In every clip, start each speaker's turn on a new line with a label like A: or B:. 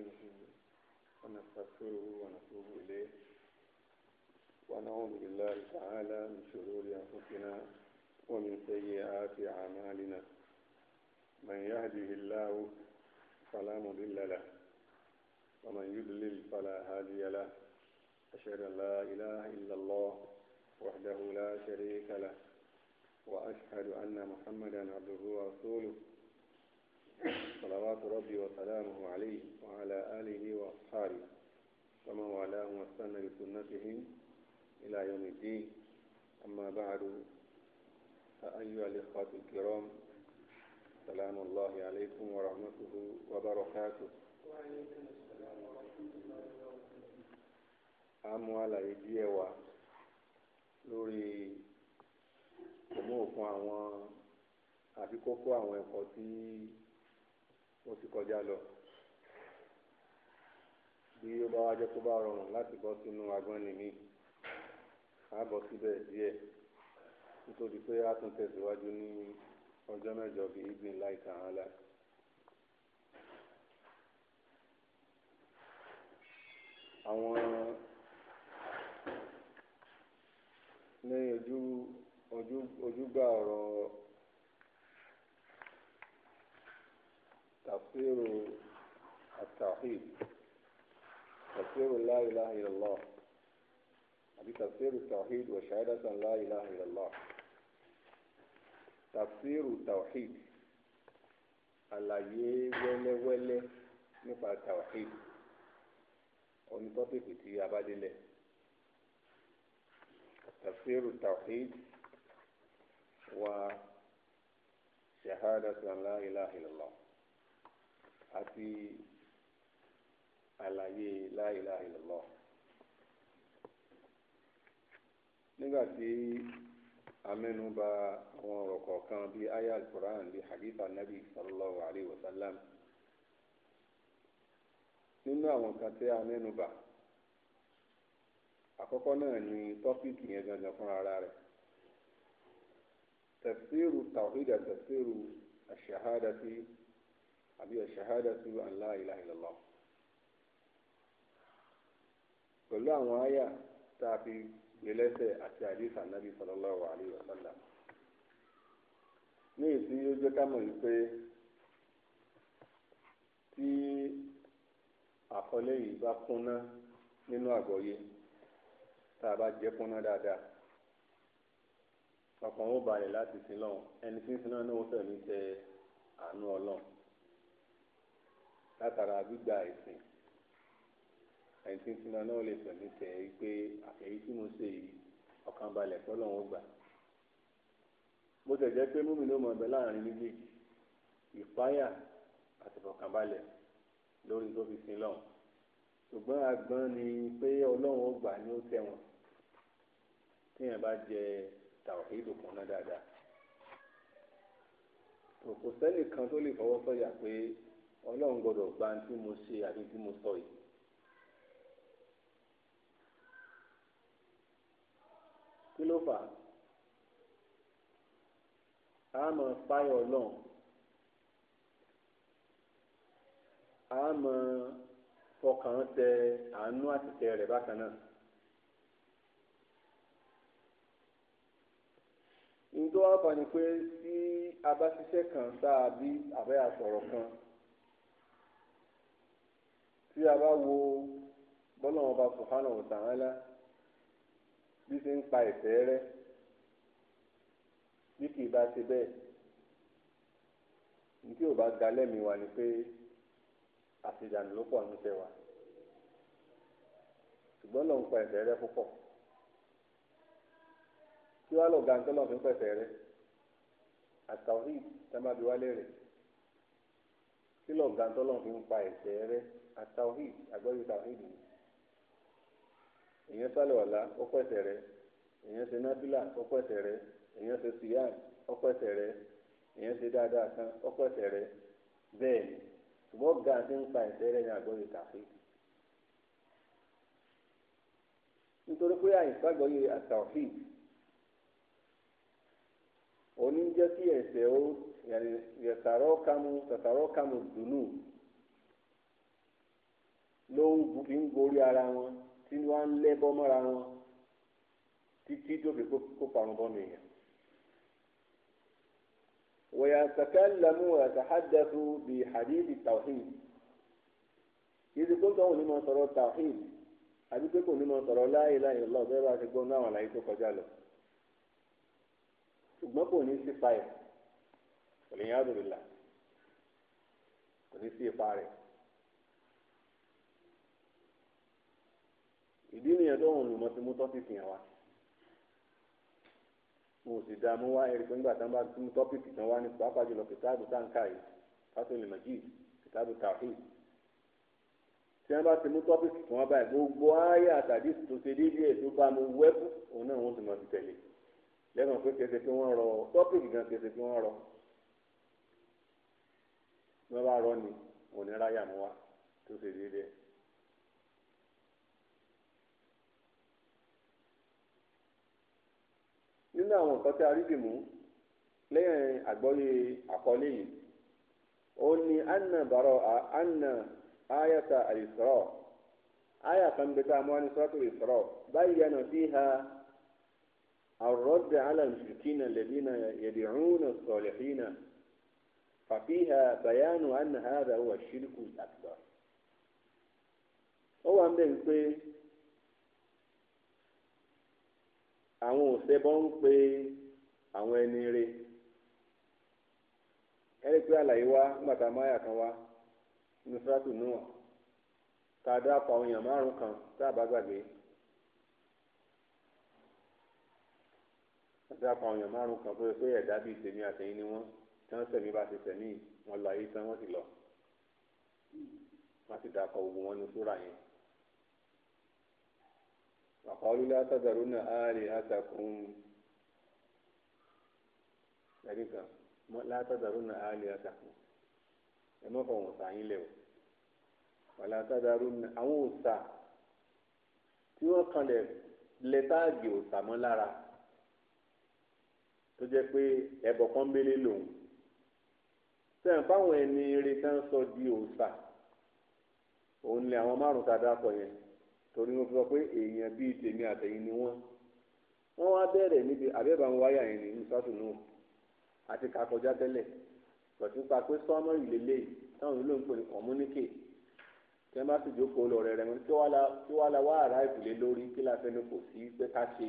A: نستعينه ونستغفره ونتوب إليه ونعوذ بالله تعالى من شرور أنفسنا ومن سيئات أعمالنا من يهده الله فلا مضل له ومن يضلل فلا هادي له أشهد أن لا إله إلا الله وحده لا شريك له وأشهد أن محمدا عبده ورسوله صلوات ربي وسلامه عليه وعلى آله وأصحابه ومن والاهم واستنى بسنتهم إلى يوم الدين أما بعد فأيها الإخوة الكرام سلام الله عليكم ورحمته وبركاته وعليكم السلام ورحمة الله وبركاته àmúhàlà ìdí lórí òmùòfún àwọn àbíkókó àwọn ẹ̀kọ́ tí ó ti kọjá lọ bí ó bá wá jẹ́ tó bá rọrùn láti bọ́ sínú agbọ́nni mi a bọ́ síbẹ̀ díẹ̀ nítorí pé a tún tẹ̀síwájú ní ọjọ́ mẹ́jọ bíi evening light and light. àwọn ní ojú ojú ojúgbà ọ̀rọ̀. تفسير التوحيد تفسير لا إله إلا الله هذه تفسير التوحيد وشهادة لا إله إلا الله تفسير التوحيد àlàyé wẹ́lẹ́wẹ́lẹ́ nípa tawhid onítọ́síkì tí a bá délẹ̀ tafsir tawhid wa shahadatu an la ilaha illallah àti àlàyé la ilaha illallah nígbà tí amẹ́nubà àwọn ọ̀rọ̀ kọ̀ọ̀kan bíi aya al-Qur'an bíi hadith anabi sallallahu alayhi wa sallam nínú àwọn kan tẹ́ amẹ́nubà àkọ́kọ́ náà ni tọ́píìkì yẹn gangan fúnra ara rẹ̀ tafsiru tawhid tafsiru ash-shahadati àbí ṣahadatu an la ilaha illallah pẹ̀lú àwọn àyà tá a fi gbẹlẹ́sẹ̀ àti àdìsí ànábì sallallahu alayhi wa sallam ní ìsí ó jẹ́ ká mọ̀ wípé tí àkọlé yìí bá kúnná nínú àgbọ́yé tá a bá jẹ́ kúnná dáadáa ọkàn ó balẹ̀ láti sin lọ́hùn ẹni tí ń sin náà ní wọ́n fẹ̀mí tẹ àánú ọlọ́hùn látara gbígba ẹ̀sìn ẹ̀ǹtí tí náà náà lè pẹ̀lú tẹ̀ ẹ́ pé àfẹ́yí tí mo ṣe yìí ọkàn balẹ̀ tọ́lọ́wọ́ gbà
B: mo tẹ̀ jẹ́ pé múmi ló mọ ọbẹ̀ láàrin méjèèjì
A: ìpáyà àti ìfọ̀kànbalẹ̀ lórí tó fi sin lọ́hùn ṣùgbọ́n agbọ́n ni pé ọlọ́run ó gbà ní ó tẹ̀wọ̀n téèyàn bá jẹ tàwáhídù kan náà dáadáa kò sẹ́nìkan tó lè fọwọ́ sọ̀yà pé ọlọ́run gbọ́dọ̀ gba ní tí mo ṣe àbí tí mo sọ yìí. kí ló fà á
B: a máa fáyọ̀ ọlọ́run a máa fọkàn tẹ àánú àtìkẹ́ rẹ̀ bákan náà. nítorí wàá fani pé tí a bá ṣiṣẹ́ kan tá a bí àbẹ́yà sọ̀rọ̀ kan. Mm -hmm tí a bá wo bọ́lá wọn bá subhanahu wa ta'ala bí ṣe ń pa ìfẹ́ rẹ
A: bí kì í bá ṣe bẹ́ẹ̀ ní tí ò bá ga lẹ́mìí wa ni pé àṣejànù ló pọ̀ níṣẹ́ wa ṣùgbọ́n lòun pa ẹ̀fẹ́ rẹ púpọ̀ kí wàá lọ ga ní tọ́lọ́ fi ń pẹ̀fẹ́ rẹ àtàwọn yìí tẹ́ máa fi wálé rẹ̀ kí lọ́ọ̀ ga ní tọ́lọ́ fi ń pa ẹ̀fẹ́ rẹ àtàwíìd àgbọ́yé tàwíìd ni èèyàn sálọ̀ọ̀lá ọkọ̀ ẹ̀sẹ̀ rẹ èèyàn ṣe nábìlà ọkọ̀ ẹ̀sẹ̀ rẹ èèyàn ṣe síyàn ọkọ̀ ẹ̀sẹ̀ rẹ èèyàn ṣe dáadáa kan ọkọ̀ ẹ̀sẹ̀ rẹ bẹ́ẹ̀ ni ṣùgbọ́n ga ti ń pa ẹ̀sẹ̀ rẹ ní àgbọ́yé tàwíìd
B: nítorí pé àìsàgbọ́yé àtàwíìd oníjẹ́ kí ẹ̀sẹ̀ ó yàtàrọ́ kàmú tàtàrọ́ kàmú dùnú ló ń fi ń gorí ara wọn tí wọ́n ń lẹ́bọ́ mọ́ra wọn títí tó fi kó parun bọ́nu èèyàn. wayatakallamu yatahaddathu bi hadithi tawhid yíṣe pé káwọn onímọ̀ sọ̀rọ̀ tawhid àbí pé kò onímọ̀ sọ̀rọ̀ la ilaha illallah bẹ́ẹ̀ bá ti gbọ́ náà àlàyé tó kọjá lọ. ṣùgbọ́n kò ní sí fàyè
A: kò lè yàn àdùnnìlà
B: kò ní sí ipa rẹ̀. ìdí nìyẹn tó wọn olùmọ̀ ti mú tọ́pìkì yẹn wá mo sì dá mú wá ẹ̀rí pé nígbà tí wọ́n bá mú tọ́pìkì tán wá ní pàápàá jùlọ kìtáàbù táǹkà yìí fásitì majid kìtáàbù tawhid tí wọ́n bá ti mú tọ́pìkì tí wọ́n báyìí gbogbo ayé àtàdé tó ṣe déédéé tó bá mu wẹ́pù òun náà wọ́n sì mọ̀ ti tẹ̀lé lẹ́nu pé kẹsẹ̀ pé
A: wọ́n rọ tọ́pìkì gan kẹsẹ̀ pé wọ́n rọ wọ́n bá rọ ni òun ní ráyà mú wá tó ṣe déédéé nínú àwọn nǹkan tí a rí
B: bìmú lẹ́yìn àgbọ́yé àkọlé yìí ó ní anna bàrọ̀ anna ayata al aya kan bẹ tá a mọ́ ní sọ́tò Isra bayyana fiha الرد على المشركين الذين يدعون الصالحين ففيها بيان أن هذا هو الشرك الأكبر هو أن àwọn òṣèbọ ń pe àwọn ẹni rè ẹni pé àlàyé wa nígbà tá a máa yà kan wá
A: nínú sọ́tù náà ká dá pa àwọn èèyàn márùn kan tá a bá gbàgbé dá pa àwọn èèyàn márùn kan tó yẹ pé ẹ̀dá bíi tèmi àtẹ̀yìn ni wọ́n tí wọ́n sẹ̀mí bá ti sẹ̀mí wọn lọ ayé tán wọ́n sì lọ wọ́n sì dá pa gbogbo wọn ní sóra yẹn. وقالوا لا تذرن آلهتكم لذلك لا تذرن آلهتكم ẹ má fọwọ́n ọ̀sà yín lẹ̀ o wàlá tàdárùn àwọn òòsà tí wọ́n kanlẹ̀ lẹ táàgì òòsà mọ́ lára
B: tó jẹ́ pé ẹ̀bọ̀ kan mélé lòun sẹ́yìn fáwọn ẹni eré tán sọ di òòsà òun ni àwọn márùn-ún tá a dápọ̀ yẹn torí wọn fi sọ pé èèyàn bíi tèmi àtẹ̀yìn ni wọ́n wọ́n wá bẹ̀rẹ̀ níbi àbẹ́bà ń wáyà yẹn ní nùsọ́tún náà àti kakọjá tẹ́lẹ̀ pẹ̀tù pa pé sọ́mọ́ ìlélẹ̀ táwọn ìlú ń pè ní communicate tí wọ́n bá sì jókòó lọ rẹ̀ rẹ̀ mọ́ kí wàá la wá àrá ìfìlẹ̀ lórí kí la fẹ́nu kò sí pé ká ṣe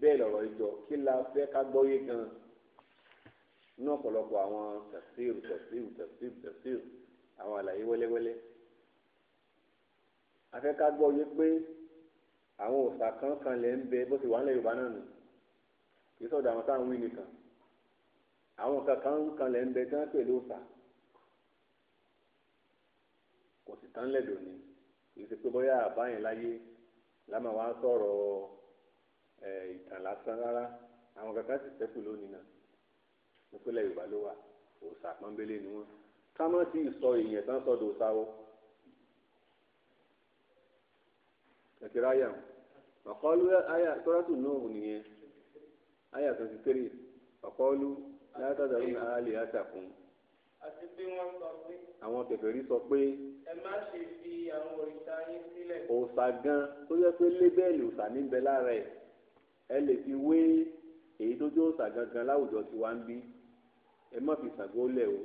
B: bẹ́ẹ̀ lọ̀rọ̀ ìjọ kí la fẹ́ ká
A: gbọ́yé gan-an ní ọ̀pọ̀lọpọ̀ àwọn tẹ̀síìrù tẹ̀síìrù tẹ̀síìrù tẹ̀síìrù àwọn àlàyé wẹ́lẹ́wẹ́lẹ́
B: afẹ́kágbọ́ yé pé àwọn òòṣà kan kan lẹ̀ ń bẹ bó ti wà nílẹ̀ yorùbá náà nù kì í sọ̀dọ̀ àwọn táwọn wí nìkan àwọn kankan kan lẹ̀ ń bẹ tí wọ́n pè lóòṣà
A: kò sì tán lẹ̀ lónìí kì í ṣe pé bóyá àbáyẹn láyé lámà wá sọ̀rọ̀ ìtàn lásán rárá àwọn kankan sì ṣẹ́kù lónìí náà nípínlẹ̀ yorùbá ló wà òòṣà pọ́nbélé ni wọ́n
C: ká
B: má ti sọ èèyàn tán sọ̀dọ̀ òòṣà o. ẹ̀tì ráyà wọn ọ̀kọ́lù àyà tọ́lásù nóòhùn nìyẹn àyà twenty
A: three ọ̀kọ́lù látàdàrú ní àhálì àtàkùn.
C: àti bí wọ́n sọ pé. àwọn kèfèrí sọ pé. ẹ má ṣe fi àwọn òrìṣà yín sílẹ̀. òòṣà gan
B: tó yẹ pé lébẹ́ẹ̀lì òòṣà níbẹ̀ lára ẹ̀ ẹ lè fi wé èyí tó jẹ́ òòṣà gangan láwùjọ tí wá ń bí ẹ má fi Ṣàngó o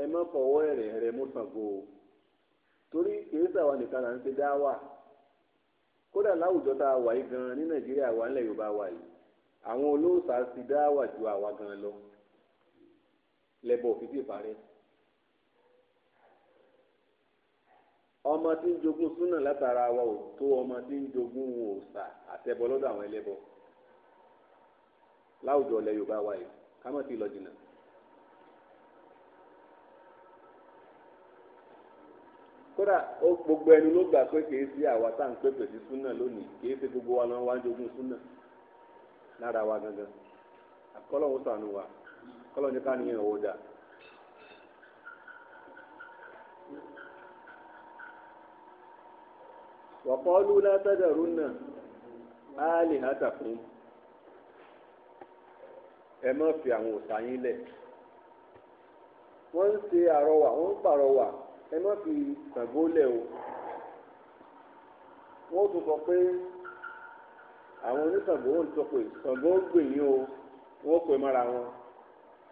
B: ẹ má fọwọ́ ẹ̀rẹ̀ rẹ mú Ṣàngó o torí kìí sàwọn nìkan là ń ṣe dá wà kódà láwùjọ tá a wà yìí gan ní nàìjíríà wà nílẹ̀ yorùbá wà yìí àwọn olóòṣà ti dá wà ju àwa gan lọ lẹ́bọ̀ òfin tí ìparẹ́ ọmọ tí ń jogún súnà látara wa ò tó ọmọ tí ń jogún òòṣà àtẹbọ lọ́dọ̀ àwọn ẹlẹ́bọ láwùjọ ilẹ̀ yorùbá wà yìí ká má ti lọ jìnnà. kódà gbogbo ẹni ló gbà pé kìí sí àwa tá à ń lónìí kìí sí gbogbo wa lọ wá ń jogún súnà lára wa gangan
A: àkọlọ́hún sànù wa kọlọ ní ká ní ìhàn
B: náà á lè hátà fún ẹ fi àwọn ẹ má fi Ṣàngó lẹ̀ o wọ́n tún sọ pé àwọn oníṣàngó ń sọ pé Ṣàngó gbè yín o wọ́n pè mọ́ra wọn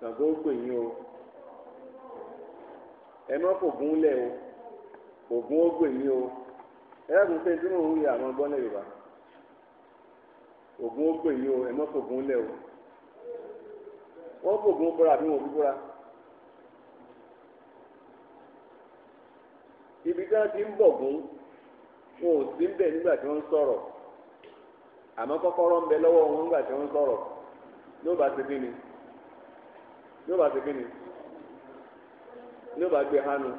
B: Ṣàngó ń gbè yín o ẹ má fògùn lẹ̀ o ògùn ó gbè yín o ẹ yàgò pé tí mò ń yẹ àwọn gbọ́n lẹ̀ yorùbá ògùn ó gbè yín o ẹ má fògùn lẹ̀ o wọ́n fògùn búra bí wọ́n fi búra. tí wọ́n ti ń bọ̀ gún wọn ò sí ń bẹ̀ nígbà tí wọ́n sọ̀rọ̀ àmọ́ kọ́kọ́rọ́ wọn nígbà tí wọ́n sọ̀rọ̀ bá ti bíni ló bá ti bíni ló bá gbé hánu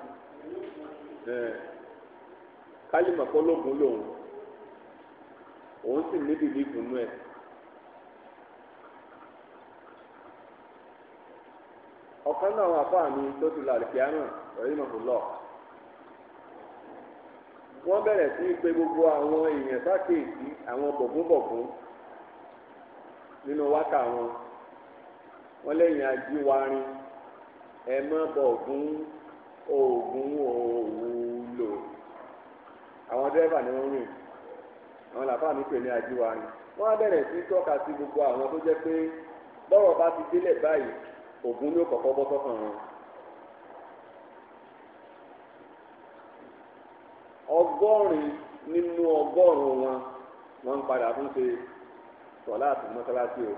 B: kálímà kọ́lógún lòun òun sì níbi na ẹ̀. ọ̀kan náà àwọn tó wọ́n bẹ̀rẹ̀ sí í pe gbogbo àwọn èèyàn sákèèjì àwọn bọ̀gúnbọ̀gún nínú wákà wọn wọ́n lẹ́yìn ajíwárin ẹ mọ́ bọ̀gún oògùn òwúlò àwọn dẹ́rẹ́bà ni wọ́n rìn àwọn làbá mi pè ní ajíwárin wọ́n á bẹ̀rẹ̀ sí í tọ́ka sí gbogbo àwọn tó jẹ́ pé bọ́rọ̀ bá ti délẹ̀ báyìí ògùn ló kọ́kọ́ bọ́ sọ́kàn wọn. ọgọ́rin nínú ọgọ́rùn wọn wọn ń padà fún ṣe sọlá àti mọ́sálásí o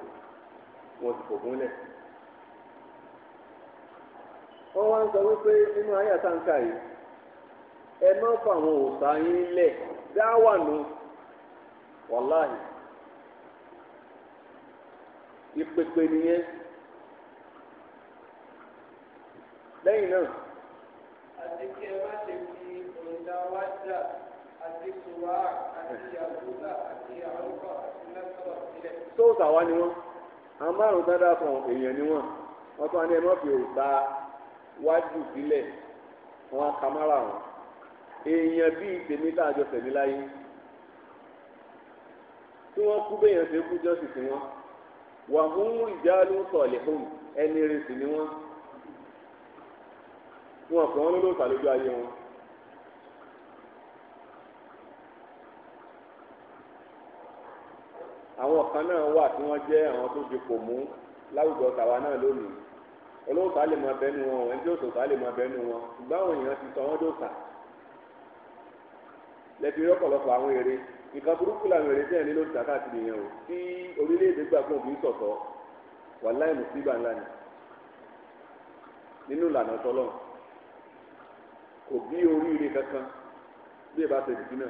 B: wọn ti fò gúnlẹ̀.
C: wọ́n wá ń sọ wípé
B: nínú ayé àtàǹkà yìí ẹ má fa àwọn òòṣà yín lẹ̀ dáwà nù wàláhì ìpèpè
C: nìyẹn lẹ́yìn náà. mawadda àti suwa àti yahuda àti yahuda àti nasara sílẹ̀. sóòtà wa ni wọn
D: àwọn
B: márùn dáadáa kan èèyàn ni wọn wọn tún wá fi òòtà wájú sílẹ̀ wọn á ka mára wọn èèyàn bíi tèmi tá a jọ tẹ̀lé láyé tí wọ́n kú béèyàn ṣe kú jọ́sìn sí wọn wà fún ìjálù sọ̀lẹ̀ hùn ẹni rẹ̀ sì ni wọ́n wọn kàn án lólóòtà lójú ayé wọn. àwọn kan náà wà tí wọ́n jẹ́ àwọn tó di kò mú láwùjọ tàwa náà lónìí olóòtú á lè máa bẹnu wọn ẹni tí òṣòṣà á lè máa bẹnu wọn ṣùgbọ́n àwọn èèyàn ti sọ wọ́n dòṣà lẹ́tí rí ọ̀pọ̀lọpọ̀ àwọn èrè nǹkan burúkú làwọn èrè tẹ̀ ní lórí tàkà ti nìyẹn o tí orílẹ̀-èdè gbà fún òbí sọ̀tọ̀ wà láì mùsíbà ńlá ni nínú ìlànà tọ́lọ̀ kò bí oríire kankan bí ẹ bá ṣe náà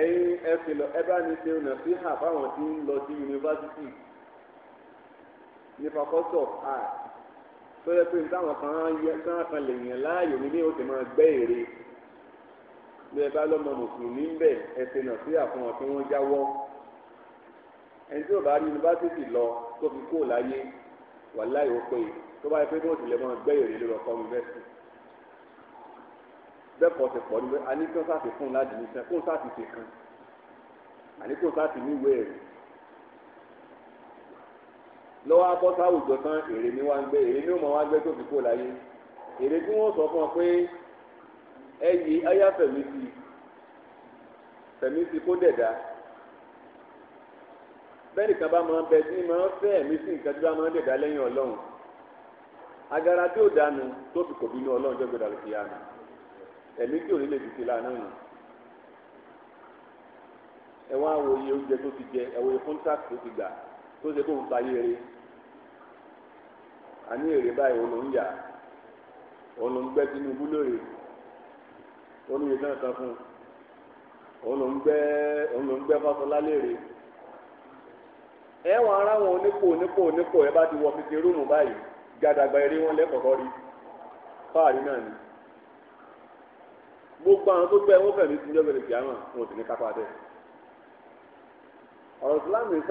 B: ẹ̀yin ẹ fi lọ ẹ bá ní ṣe ọ̀nà sí hà fáwọn tí ń lọ sí yunifásitì ní fakọ́tọ̀ art tó yẹ pé táwọn kan yẹ kán kan lè yàn láàyò nílé ó ti máa gbẹ́ èrè bí ẹ bá lọ́mọ mùsùlùmí ń bẹ̀ ẹ ṣe ọ̀nà sí àfihàn tí wọ́n jáwọ́ ẹni tí ò bá rí yunifásitì lọ tó fi kó láyé wàláì ó pé tó bá yẹ pé bó tilẹ̀ máa gbẹ́ èrè ló lọ kọ́ yunifásitì. bẹ́ẹ̀kọ́ ti pọ̀ ní pé a fún láti ní sẹ́ kó ti kan ti lọ́wọ́ abọ́sá àwùjọ tán èrè ni wá èrè ni ó mọ̀ wá gbé tó fi kó láyé èrè tí wọ́n sọ fún ọ pé ẹ ayá fẹ̀mí bẹ́ẹ̀ nìkan bá máa ń bẹ fẹ́ ẹ̀mí sí nǹkan bá máa ń lẹ́yìn ọlọ́run agara ẹ̀mí tí òní lè fi tìlà náà nù ẹ wá wo iye oúnjẹ tó ti jẹ ẹ wo iye tó ti gbà tó ṣe kó ń yére àní èrè báyìí òun ń yà òun ló Tinubu lóore òun ló yẹ fún òun ló ń gbẹ́ òun ló ń gbẹ́ Fáṣọlá ẹ wọn ara báyìí gàdàgbà eré wọn rí fáàrí náà ni. gbogbo àwọn tó gbẹ wọn fẹmí sí ìjọba ìkìyà náà wọn ò sì ní kápá bẹ́ẹ̀ ọ̀rọ̀ islam ní o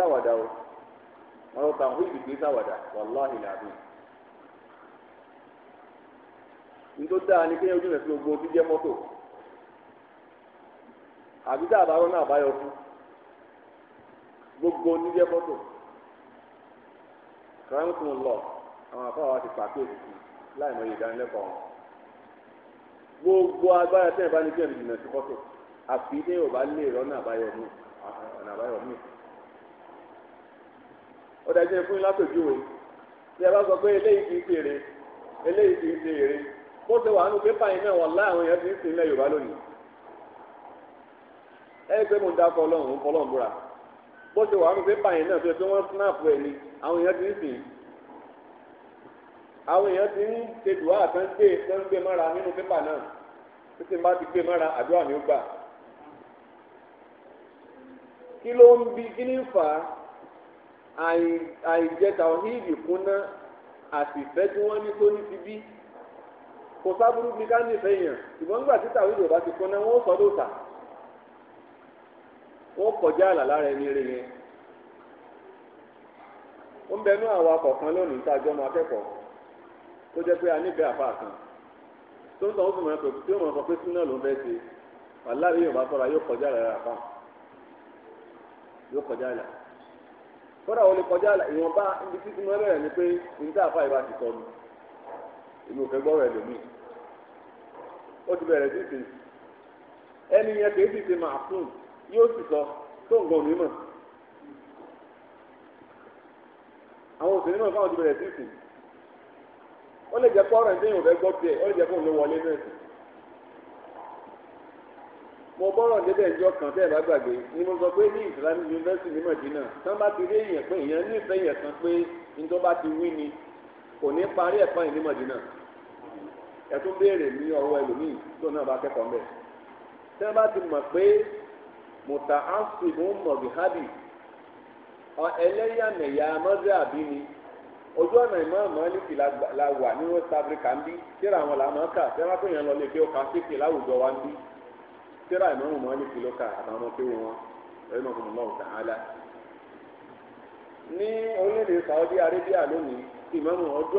B: ọ̀rọ̀ tàwọn ìdí kì í wàláhì làbí ni kéèyàn ojú gbogbo ojú àbí tá a náà bá yọ fún gbogbo ojú jẹ́ mọ́tò kàrámùtù lọ àwọn ti láì mọ gbogbo agbára tẹ̀ bá ní kí ẹ̀rìn jìnnà sí kọ́tò àfi ní ò bá lè rọ́nà àbáyọ mí ọ̀nà àbáyọ ebe ó dájú ẹ fún yín látòjúwe tí ẹ bá sọ pé eléyìí kì ṣe eléyìí ṣe bó ṣe pépà yìí náà ti ń sìn ilẹ̀ Yorùbá lónìí. ẹ dákọ Ọlọ́run ń búra bó ṣe pépà yìí náà wọ́n ti ń àwọn èèyàn ti ń ṣe dùwà àtàn gbé tán gbé mọ́ra nínú pépà náà títí bá ti gbé mọ́ra àdúrà mi ó gbà. kí ló ń bi kí ní fà á àìjẹta ọ̀hídì kúnná àti ìfẹ́ tí wọ́n ní tó ní ti bí kò sábúrú bí ká nífẹ̀ẹ́ yàn ṣùgbọ́n nígbà tí tàwí yorùbá ti kúnná wọ́n sọ lóòótá wọ́n kọjá àlà lára ẹni rẹ̀ yẹn. ó ń bẹnu àwọn akọ̀kan lónìí tá a jọ máa kẹ́kọ̀ọ́ ó jẹ́ pé a nífẹ̀ẹ́ àfa kan tó ń tọ́ ó sì mọ̀ pé tí ó mọ̀ sọ pé súnà ló ń bẹ́ẹ̀ ṣe aláàbí yóò bá sọ̀rọ̀ yóò kọjá rẹ̀ àfa yóò kọjá rẹ̀ kódà ó lè kọjá ìwọ̀nba ibi títí mo bẹ̀rẹ̀ ni pé níta àfa ìbá ti sọ mi èmi ò fẹ́ gbọ́ rẹ̀ lómi ó ti bẹ̀rẹ̀ sí ìsìn ẹni yẹn kì í sì ṣe màá fún yóò sì sọ tó nǹkan òní mọ̀ àwọn òṣèré náà fáwọn ti bẹ̀rẹ̀ sí ìsìn ó lè jẹ́ pé ọ̀rọ̀ ẹ̀dínyìn rẹ̀ gbọ́ bẹ́ẹ̀ ó lè jẹ́ pé òun ló wọlé náà sí. mo bọ́rọ̀ débẹ̀ ìjọ kan tẹ́ ẹ̀ bá gbàgbé ni mo sọ pé ní Islamic University ní Madina tán bá ti rí èèyàn pé èèyàn nífẹ̀ẹ́ yẹn kan pé nítorí bá ti wí ni kò ní parí ẹ̀kọ́ yìí ní Madina ẹ tún béèrè ní ọwọ́ ẹlòmíì tó náà bá kẹ́kọ̀ọ́ mbẹ́ tẹ́ bá ti mọ̀ pé mùtà áńsì mú mọ̀gì hábì ẹlẹ́yàmẹ̀yà mọ́sẹ̀ àbí ni ojú ọ̀nà Imam Malik la wà ní West Africa ń bí tíra àwọn làmọ́ kà tí wọ́n pè yẹn lọ lè fi ọkà kéèké láwùjọ wa ń bí tíra Imam Malik ló kà àtàwọn ọmọ wọn ẹ̀rọ ọmọ ọmọ
C: ní orílẹ̀-èdè Saudi
B: Arabia lónìí ojú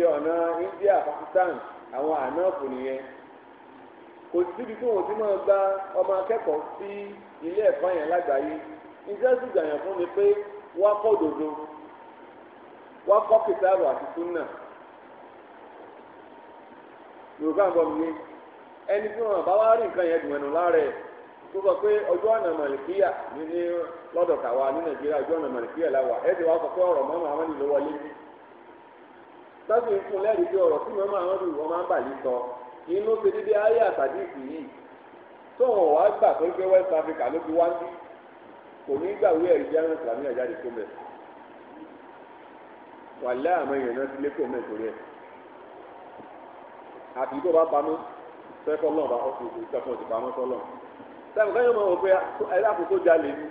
B: ọ̀nà India Pakistan àwọn nìyẹn kò síbi tí wọn ti máa gba ọmọ akẹ́kọ̀ọ́ sí ilé yẹn iṣẹ́ sì gbàyàn fún mi pé wá kọ́ òdodo wá kọ́ kìtàrù àti yorùbá ń bọ̀ mí ní ẹni tí wọ́n bá wá rí nǹkan yẹn tó sọ pé ọjọ́ ọ̀nà màlìkíyà ní ní lọ́dọ̀ tàwa ní nàìjíríà ọjọ́ ọ̀nà la wà ẹ̀ ti sọ pé ọ̀rọ̀ mọ́mọ́ àwọn ìlú wọlé ní. sọ́sì ń fún lẹ́rìí pé ọ̀rọ̀ tí mọ́mọ́ àwọn ìlú wọn máa ń bà sọ inú ayé àtàdé ìsìn yìí West ló kò ní gbàwé ẹ̀rí jáwé ìsìlámù náà jáde kó mẹ́ wàlẹ́ àmọ́ èèyàn náà ti lé kó mẹ́ torí ẹ̀ àbí tó bá pamọ́ sẹ́kọ̀ náà bá ọkọ̀ òkú sẹ́kọ̀ ti pamọ́ sọ́lọ̀ sẹ́kọ̀ káyọ̀ máa wọ pé ẹ̀dá kò tó jalè ni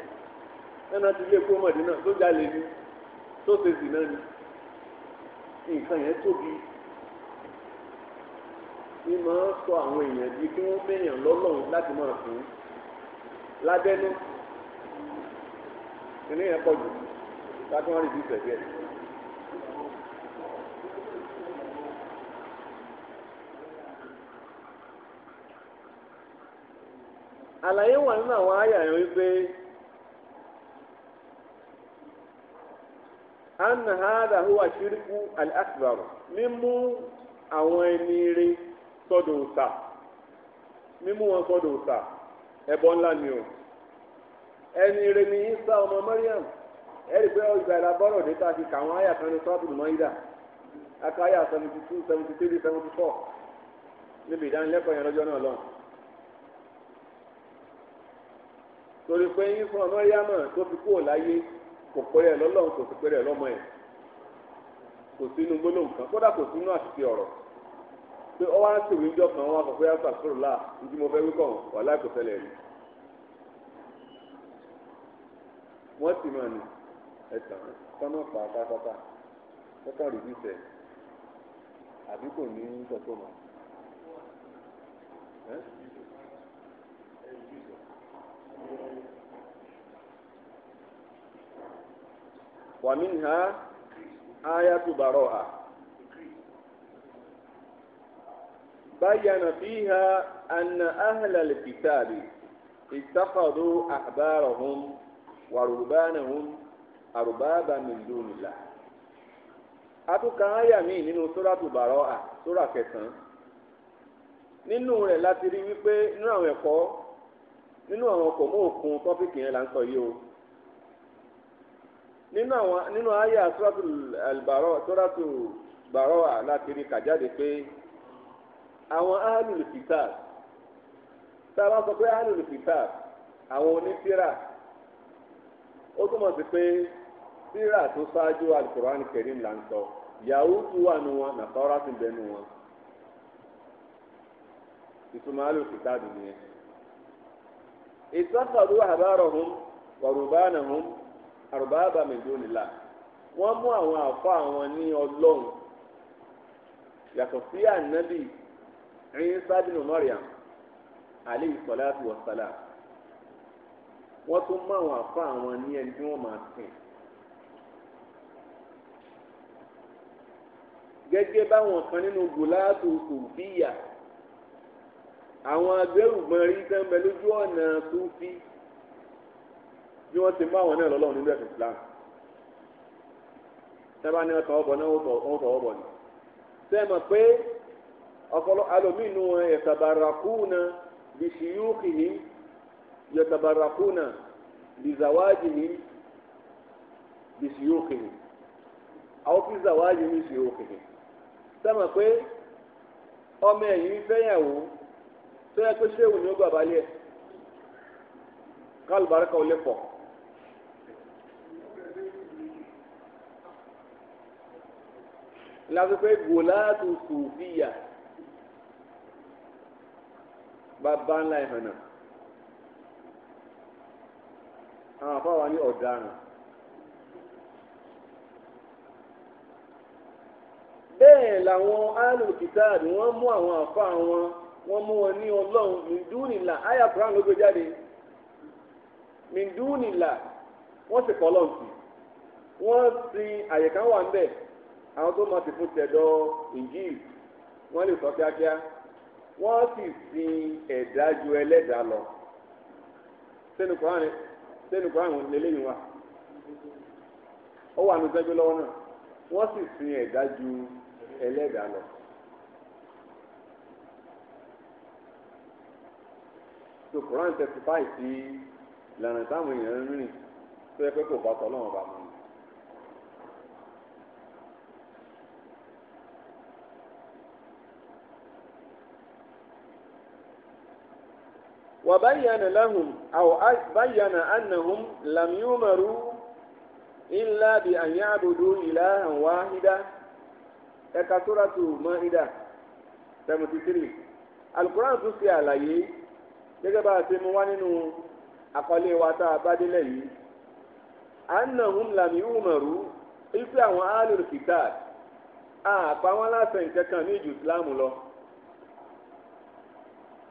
B: ẹ̀nà ti lé kó mọ̀dé náà tó jalè ni tó ṣe sì náà ni nǹkan yẹn tóbi ní máa sọ àwọn èèyàn di kí wọ́n mẹ́yàn lọ́lọ́run láti máa fún lábẹ́nú ilé ẹ pọ̀ jù láti wọ́n rí bí ìfẹ̀ díẹ̀.
C: àlàyé wà nínú àwọn àyà yẹn wípé
B: anna hada huwa shirku al-akbar mímú àwọn ẹni rí ẹni remi Isa ọmọ Mariam ẹni pé ọgbà ìlà bọ́rọ̀ dé a kà kan ní aka àyà seventy two seventy three seventy four níbi ìdánilẹ́kọ̀ọ́ yẹn lọ́jọ́ náà lọ. torí pé Isa ọmọ Mariam tó fi kúrò láyé kò pẹ́rẹ́ lọ́lọ́run kò sì pẹ́rẹ́ lọ́mọ ẹ̀ kò sínú gbólóhùn kan kódà kò sínú ọ̀rọ̀ pé ọwọ́ kan wọn fẹ́ láà ní wọ́n sì máa ní ẹ̀sán sọ́nà pa pátápátá lọ́kàn rìbí sẹ̀
A: àbí kò ní sọ́tò mọ́.
B: ومنها آية براءة بين فيها أن أهل الكتاب اتخذوا أحبارهم wàrúbánahum àrùbáàbà mìlúùnìlà. atúkà áyà míì nínú sóràtù bàrọ́ à sórà kẹsàn-án nínú rẹ̀ láti rí wípé nínú àwọn ẹ̀kọ́ nínú àwọn ọkọ̀ mọ́ òkun tọ́pìkì yẹn là ń sọ yìí o nínú àwọn nínú àyà sóràtù àlùbàrọ̀ sóràtù bàrọ̀ à láti rí kàjáde pé àwọn ahlul sọ pé ahlul kitab àwọn ó túmọ̀ sí pé síra tó ṣáájú alukoran kẹrin là ń sọ yahudu wà nù wọn nàtọ́ra sì bẹ́ẹ̀ nù wọn ìtumọ̀ alùpùpù nìyẹn ìsọ́kọ̀dù àbárọ̀hún wàrùbánahún àrùbáàbà mẹ́jọ́nìlá wọ́n mú àwọn àfọ́ àwọn ní ọlọ́run yàtọ̀ sí ànábì Ìsá bínú Maryam alayhi salatu wassalam. wọ́n tún mọ àwọn àfa àwọn ní ẹni tí wọ́n máa sìn. gẹ́gẹ́ báwọn kan nínú gòláàtò sòfíà àwọn agbẹ́rùgbọ́n rí sẹ́ńbẹ́ lójú ọ̀nà sófì bí wọ́n ti mú àwọn náà lọ́lọ́run nínú ẹ̀sìn Islam sábà ní ọkọ̀ ọ̀bọ̀ náà wọ́n fọwọ́ bọ̀ ni sẹ́mọ̀ pé ọ̀pọ̀lọpọ̀ alòmínú ẹ̀sàbàràkú náà bìṣìyúkìhìn yatabarakuna bizawajihim bisiyokihim àwọn fi zawajihim bisiyokihim sẹ́mọ̀ pé ọmọ ẹ̀yìn fẹ́yàwó tó yẹ pé ṣéwù ni ó gbà balẹ̀ kálùbáríkà ó lè pọ̀. lásìkò gòláàtù sùfìyà bàbá ńlá ìhànà. àwọn afáwa ní ọ̀daràn. bẹ́ẹ̀ làwọn alùpùpù wọ́n mú àwọn àfa wọn wọ́n mú wọn ní ọlọ́run mìdúnìlà àyà Quran ló gbé jáde mìdúnìlà wọ́n sì kọ́ ọlọ́run sí wọ́n sin àyẹ̀ká wà ń bẹ̀ àwọn tó máa ti fún tẹ̀dọ̀ Injil wọ́n lè sọ kíákíá wọ́n sì sin ẹ̀dá ju ẹlẹ́dàá lọ sínú Quran sẹ́nu kọ́ àwọn lélẹ́yìn wa ó wà ní sẹ́gbẹ́ lọ́wọ́ náà wọ́n sì sin ẹ̀dá ju ẹlẹ́dàá lọ. so Quran thirty five ti lànà táwọn èèyàn ń rìn tó yẹ pé kò bá tọ́ lọ́wọ́ bá mọ́ وبين لهم أو بين أنهم لم يؤمروا إلا بأن يعبدوا إلها واحدا كسورة مائدة 73 القرآن tún ṣe àlàyé gẹ́gẹ́ bá a ṣe mú wá nínú àkọlé wa tá a bá délẹ̀ yìí annahum lam yumaru ife àwọn alul kitab àpá wọn láṣẹ nǹkan kan ní ìjù islam lọ.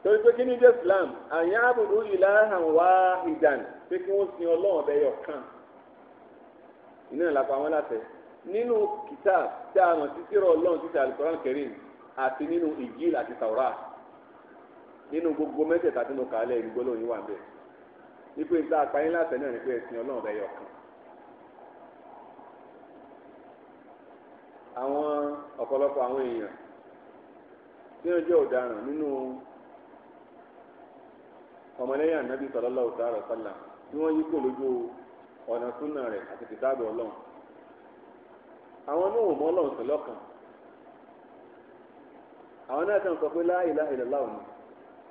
B: torí pé kí ni jẹ́ islam àyàn àbùdó ilahan wahidan pé kí wọ́n sin yọ kàn iná kitab tí a mọ̀ títí rọ ọlọ́run títí alukoran kerim àti nínú ìjìl àti tàwọ́rà nínú gbogbo mẹ́tẹ̀ẹ̀ta tí mo kà á wà wípé àpáyín náà ni pé yọ kàn. àwọn ọ̀pọ̀lọpọ̀ àwọn èèyàn tí wọ́n jẹ́ ọ̀daràn nínú. ọmọlẹ́yìn ànábì sallallahu ta'ala sallam tí wọ́n yí kò lójú ọ̀nà súnà rẹ̀ àti kìtàbù ọlọ́run àwọn náà ò mọ ọlọ́run sí lọ́kàn àwọn náà kàn sọ pé la ilaha illallah ni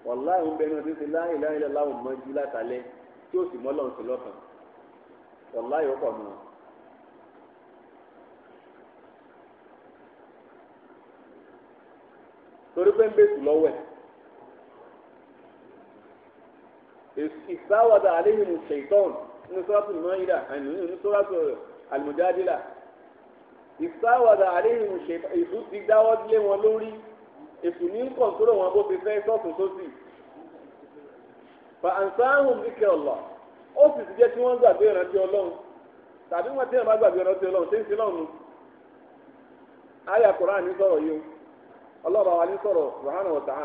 B: wàláhì ń bẹ náà títí la ilaha illallah mọ́ jí látàlẹ́ tí ó sì mọ ọlọ́run sí lọ́kàn wàláhì ó pọ̀ mọ́ torí pé ń bẹ̀sù lọ́wọ́ ẹ̀. ìsáwàdà àléhìn ṣèitọ́n nínú sọ́ọ́tù mọ́ìdà àní nínú sọ́ọ́tù àlùmọ́jáde ìsáwàdà àléhìn ṣèitọ́n èṣù ti dáwọ́ lé wọn lórí èṣù ní wọn bó ti fẹ́ sọ́ọ̀tù sósì fa ànsáhùn zikẹ́ ọ̀lọ́ ó sì ti jẹ́ kí wọ́n gbàgbé ìrántí ọlọ́run tàbí wọn tí wọn bá gbàgbé ìrántí ọlọ́run ṣé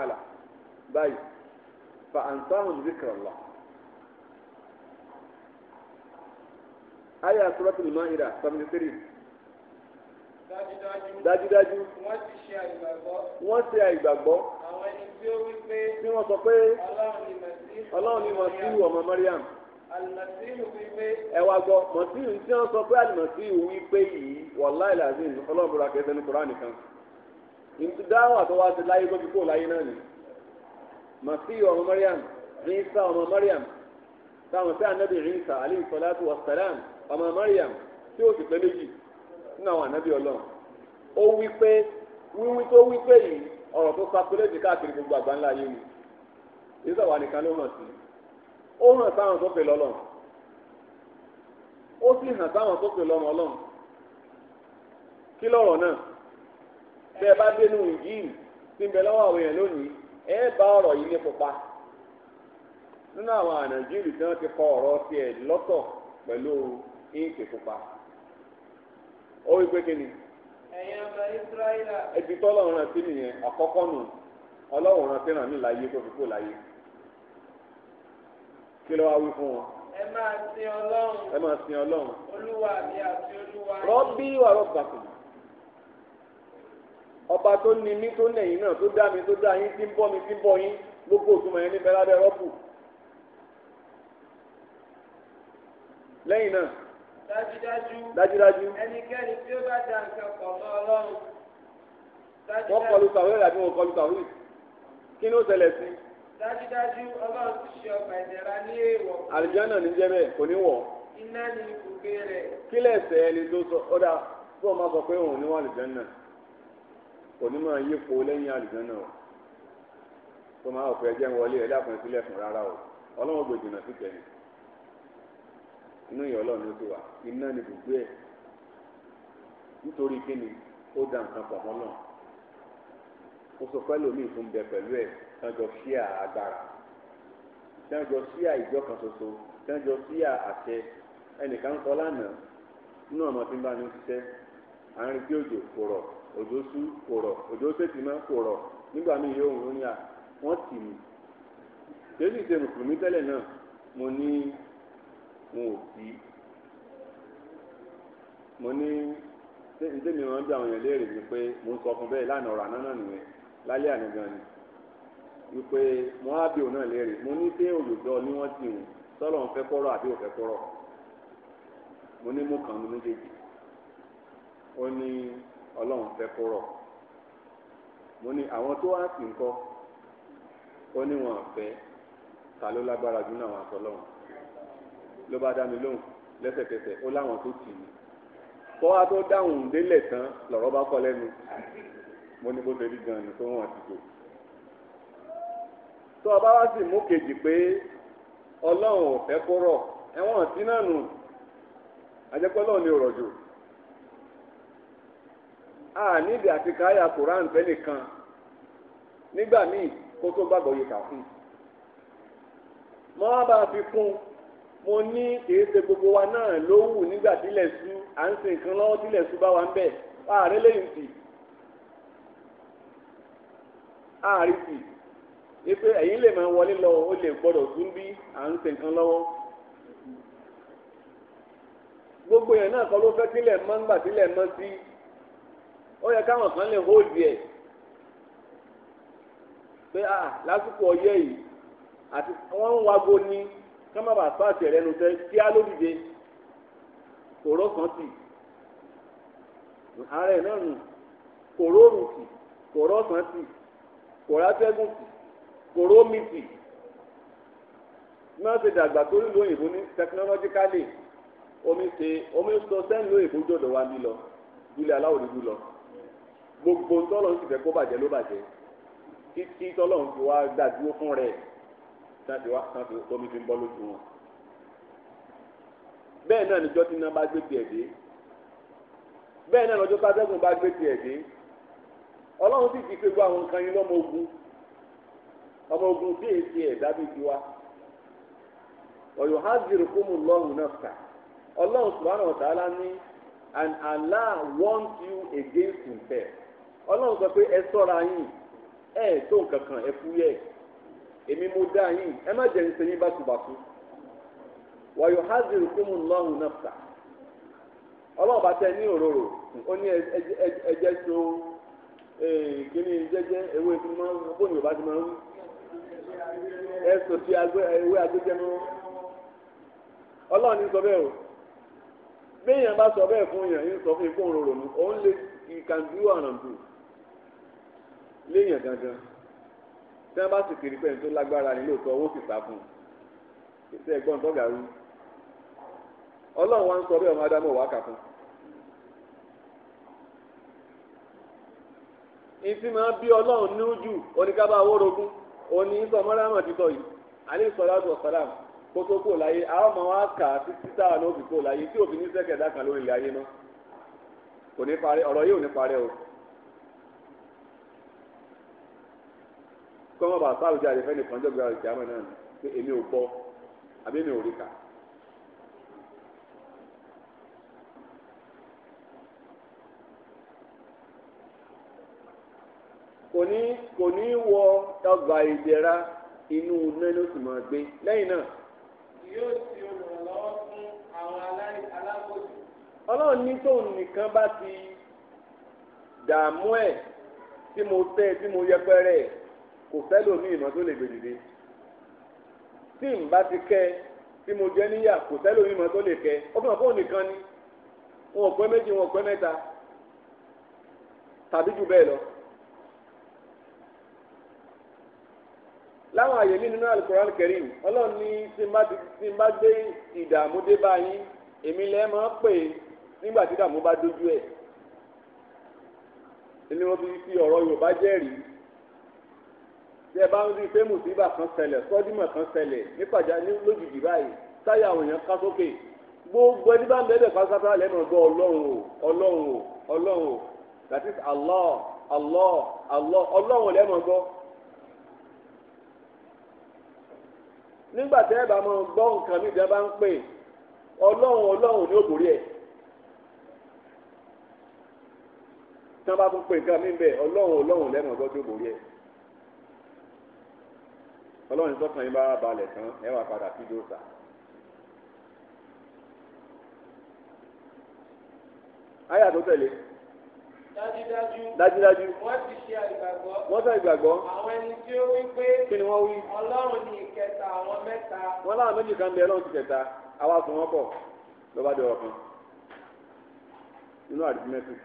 B: ń sin فأنساهم ذكر الله آية سورة المائدة 73
C: dájúdájú wọ́n ṣe àìgbàgbọ́ tí wọ́n sọ pé ọlọ́run ni mọ̀síhù ọmọ Mariam ẹ
B: gbọ́ mọ̀síhù tí wọ́n sọ pé àlùmọ̀síhù wí pé yìí wọ̀lá ìlàzín ọlọ́run bùrọ̀ akẹ́sẹ́ ní kúránì kan ìdáwà tó wá láyé tó kó láyé náà nìyí. masihi ọmọ mariam rinsa ọmọ mariam táwọn sí anabi rinsa aleyhi salatu wa salam ọmọ mariam tí ó sì pé méjì nínú àwọn anabi ọlọ́run ó wí pé wíwí tó wí pé yìí ọ̀rọ̀ tó sakuléèdì káàkiri gbogbo àgbáńlá yé mi yíṣà wà nìkan ló hàn sí ó hàn sáwọn tó pè lọ́lọ́run ó sì hàn sáwọn tó pè lọ́mọ ọlọ́run kí lọ́rọ̀ náà bẹ́ẹ̀ bá dénú ìyí tí ń bẹ lọ́wọ́ àwọn èèyàn lónìí ẹ bá ọrọ yìí ní pupa nínú àwọn ànàjírí tí wọn ti kọ ọrọ tiẹ̀ lọtọ pẹ̀lú íǹkì pupa ó wí pé kíni.
C: ẹ̀yin ọmọ israela.
B: ẹbí tọ́lọ́run rántí nìyẹn àkọ́kọ́ nù ọlọ́run rántí ràn mí láyé tó fi kó láyé kí ló wá wí fún wọn
C: ẹ máa sin ọlọ́run. ẹ
B: máa sin ọlọ́run. olúwa wà ọba tó ní mí tó nẹ̀yìn náà tó dá mi tó dá yín tí ń bọ́ mi tí ń bọ́ yín gbogbo òtúmọ̀ yẹn níbẹ̀ lábẹ́ rọ́pù. lẹ́yìn náà.
C: dájúdájú. dájúdájú. ẹnikẹ́ni tí ó bá da nǹkan pọ̀ mọ́ ọlọ́run. dájúdájú. wọ́n kọlu tàwé rẹ̀
B: àbí wọn kọlu tàwé kí ni ó ṣẹlẹ̀ sí.
C: dájúdájú ọlọ́run ti ṣe ọgbà ìdẹ̀ra ní èèwọ̀. àlùjánnà ní jẹ́ kò ní wọ̀. iná ni ibùgbé rẹ̀. kílẹ̀ ẹ̀sẹ̀
B: ẹni tó sọ ọ́ fún ọmọ sọ pé òun ní wà àlùjánnà náà kò ní máa yípo lẹ́yìn àlùjọ náà tó máa ọ̀pẹ ẹjẹ́ wọlé ẹ̀dá kan sílẹ̀ fún rárá o ọlọ́run gbòdì náà sì tẹ̀lé inú ìyá ọlọ́run ló ti wà iná ni gbogbo ẹ̀ nítorí kíni ó da nǹkan pọ̀ mọ́ náà ó sọ pé lómi ìfún bẹ pẹ̀lú ẹ̀ sanjọ síà agbára sanjọ síà ìjọ kan ṣoṣo sanjọ síà àṣẹ ẹnìkan kọ lánàá nínú ọmọ tí ń bá ní ṣiṣẹ́ à ń rí bí òjò kò rọ̀ òjò sú kò rọ̀ òjò nígbà míì yóò rún ní à wọ́n tì mí jésù ṣe mùsùlùmí tẹ́lẹ̀ náà mo ní wọn ò sí mo ní ǹjẹ́ mi rán bí àwọn èèyàn léèrè mi pé mo ń sọ fún bẹ́ẹ̀ lánàá ọ̀rọ̀ àná náà nìyẹn lálẹ́ àná gan ni wípé mo á bí òun náà léèrè mo ní dé òyòjọ́ ni wọ́n ti wù, sọ́lọ́ ń fẹ́ kọ́rọ̀ àbí ò kọ́rọ̀ mo ní mo kàn mí méjèèjì ó ní ọlọ́run fẹ́ kó rọ̀ mo ní àwọn tó wá sí nǹkan ó ní wọn fẹ́ ta ló lágbára jù náà wọn àtọ́lọ́run ló bá dá mi lóhùn lẹ́sẹ̀kẹsẹ̀ ó láwọn tó tì mí kọ́wá tó dáhùn délẹ̀ tán lọ̀rọ̀ bá kọ́ lẹ́nu mo ní bó ṣe rí gan-an ni tó wọ́n ti gbò tó ọba wá sì mú kejì pé ọlọ́run ò fẹ́ kó rọ̀ ẹ̀wọ̀n tí náà nù àjẹpọ́lọ́ ni ò rọ̀ jù a níbi àti káyà koran tẹ́lẹ̀ kan nígbà míì kó tó gbàgbọ́ yìí kàfún.
C: mo wá bá a fi kún mo ní kìí ṣe gbogbo wa náà
B: ló wù nígbà tílẹ̀ sú à ń sin nǹkan lọ́wọ́ tílẹ̀ sú bá wa ń bẹ̀ ààrẹ lẹ́yìn tì ààrẹ tì ipe ẹ̀yin lè máa wọlé lọ ó lè gbọ́dọ̀ tún bí à ń sin nǹkan lọ́wọ́ gbogbo yẹn náà kọ́ ló fẹ́ kílẹ̀ mọ́ ńgbà tílẹ̀ mọ́ sí. Si ó yẹ káwọn kan lè hold yẹ pé a ah, lásìkò ọyẹ yìí àti wọn ń wago ní ká má bàa pàṣẹ rẹ nu tẹ kí á lódìde kòró kan tì ààrẹ náà nù kòró òrùn tì kòró ọ̀sán tì kòró atẹ́gùn tì kòró omi tì náà ṣe dàgbà tó nílò òyìnbó ní tẹkinọ́lọ́jíkálì omi ṣe omi sọ sẹ́yìn lóyìnbó jọ̀dọ̀ wa mi lọ jùlẹ̀ aláwọ̀ dúdú lọ. gbogbo tọ́lọ̀ ń sì fẹ́ kó bàjẹ́ ló bàjẹ́ títí tọ́lọ̀ ń fi wá gbà dúró fún ndị sáfi wá sáfi tómi fi ń bọ́ lójú wọn. bẹ́ẹ̀ náà níjọ́ tí iná bá gbé tiẹ̀ dé bẹ́ẹ̀ náà lọ́jọ́ sátẹ́gùn bá gbé tiẹ̀ dé ọlọ́run sì ti fi gbọ́ àwọn nǹkan yín lọ́mọ ogun ọmọ ogun bí èsì ẹ̀ dábì tiwa ọ̀yọ̀ házìrì kúmù lọ́rùn náà kà ọlọ́run ní and Allah warns you against himself. ọlọ́run sọ pé ẹ sọ́ra yín ẹ tó nǹkan kan ẹ fúyẹ́ èmi mo dá yín ẹ má jẹ́ níṣẹ́ yín bákubàku wàyò hazel kúmù lọ́hùn náfà ọlọ́run bá tẹ ní òróró ó ní ẹjẹ́ so kíní ewé máa ń bá ti máa ń ẹ sọ ewé ní sọ bẹ́ẹ̀ o béèyàn bá sọ bẹ́ẹ̀ fún sọ fún ikú òróró ni òun lè léèyàn gangan tí wọ́n bá sì kiri pẹ́ẹ́ni tó lágbára ní lóòótọ́ owó sì sá fún un ìṣe ẹ̀gbọ́n tó gàrú ọlọ́run wa ń sọ bẹ́ẹ̀ ọmọ ádámọ̀ wá kà fún un. máa bí ọlọ́run ní ojú oníkábà awórogún òní sọmọ́lámọ̀ ti sọ yìí alẹ́ sọlá tó sọlá kó tó kó láyé àwọn ọmọ wa kà kó láyé o. kí wọ́n bá sáwùjọ àdìfẹ́ nìkan jọ̀gbìn àrùn ìjàmọ̀ náà pé èmi ò gbọ́ àbí èmi ò rí kà. kò ní kò ní wọ ọgbà ìdẹ̀ra inú náà ló sì máa gbé lẹ́yìn náà.
C: yóò ti olùrànlọ́wọ́ fún àwọn alábòsí.
B: ọlọ́run ní tóun nìkan bá ti dààmú ẹ̀ tí mo tẹ́ tí mo yẹpẹrẹ ẹ̀. kò fẹ́ mí ìmọ̀ tó lè gbèdìde tí n bá ti kẹ́ tí mo jẹ́ níyà kò fẹ́ mí ìmọ̀ tó lè kẹ́ ó fún ọ̀pọ̀ nìkan ni wọn ò pẹ́ méjì wọn ò pẹ́ mẹ́ta tàbí jù bẹ́ẹ̀ lọ. láwọn àyè mi nínú alukoran kẹrin ọlọ́run ní tí n bá gbé ìdààmú dé bá yín èmi lẹ́ máa ń pè é nígbà tí ìdààmú bá dojú ẹ̀. ilé wọn fi fi ọ̀rọ̀ Yorùbá jẹ́rìí bí ẹ bá ń rí pé mùsíbà kan ṣẹlẹ̀ sọ́dímọ̀ kan ṣẹlẹ̀ nípàjá ní lójijì báyìí táyà àwọn èèyàn ká sókè gbogbo ẹni bá ń bẹ́ẹ̀ bẹ́ẹ̀ pátápátá lẹ́nu ọgbọ́ ọlọ́run o ọlọ́run o ọlọ́run o that is Allah Allah Allah ọlọ́run lẹ́nu ọgbọ́. nígbà tẹ́ ẹ bá mọ gbọ́ nǹkan mi ìjà bá ń pè ọlọ́run ọlọ́run ní òbórí ẹ̀ tí wọ́n bá tún pè nǹkan mi bẹ́ẹ̀ ọlọ́run ọlọ́run lẹ́nu ọgbọ́ ní òbórí ẹ̀ ọlọ́run sọ́kàn yín bá balẹ̀ tán ẹ wá padà sí dòòsà. àyà tó tẹ̀lé.
C: dájúdájú. dájúdájú. wọ́n ti ṣe àìgbàgbọ́. wọ́n sọ ìgbàgbọ́. àwọn ẹni tí ó wí pé. kí ni wọ́n wí. ọlọ́run ni ìkẹta àwọn mẹ́ta. wọ́n láwọn méjì
B: kan bẹ ọlọ́run ti kẹta àwa sùn wọ́n pọ̀ lọ́ba dọ̀rọ̀ kan nínú arithmetic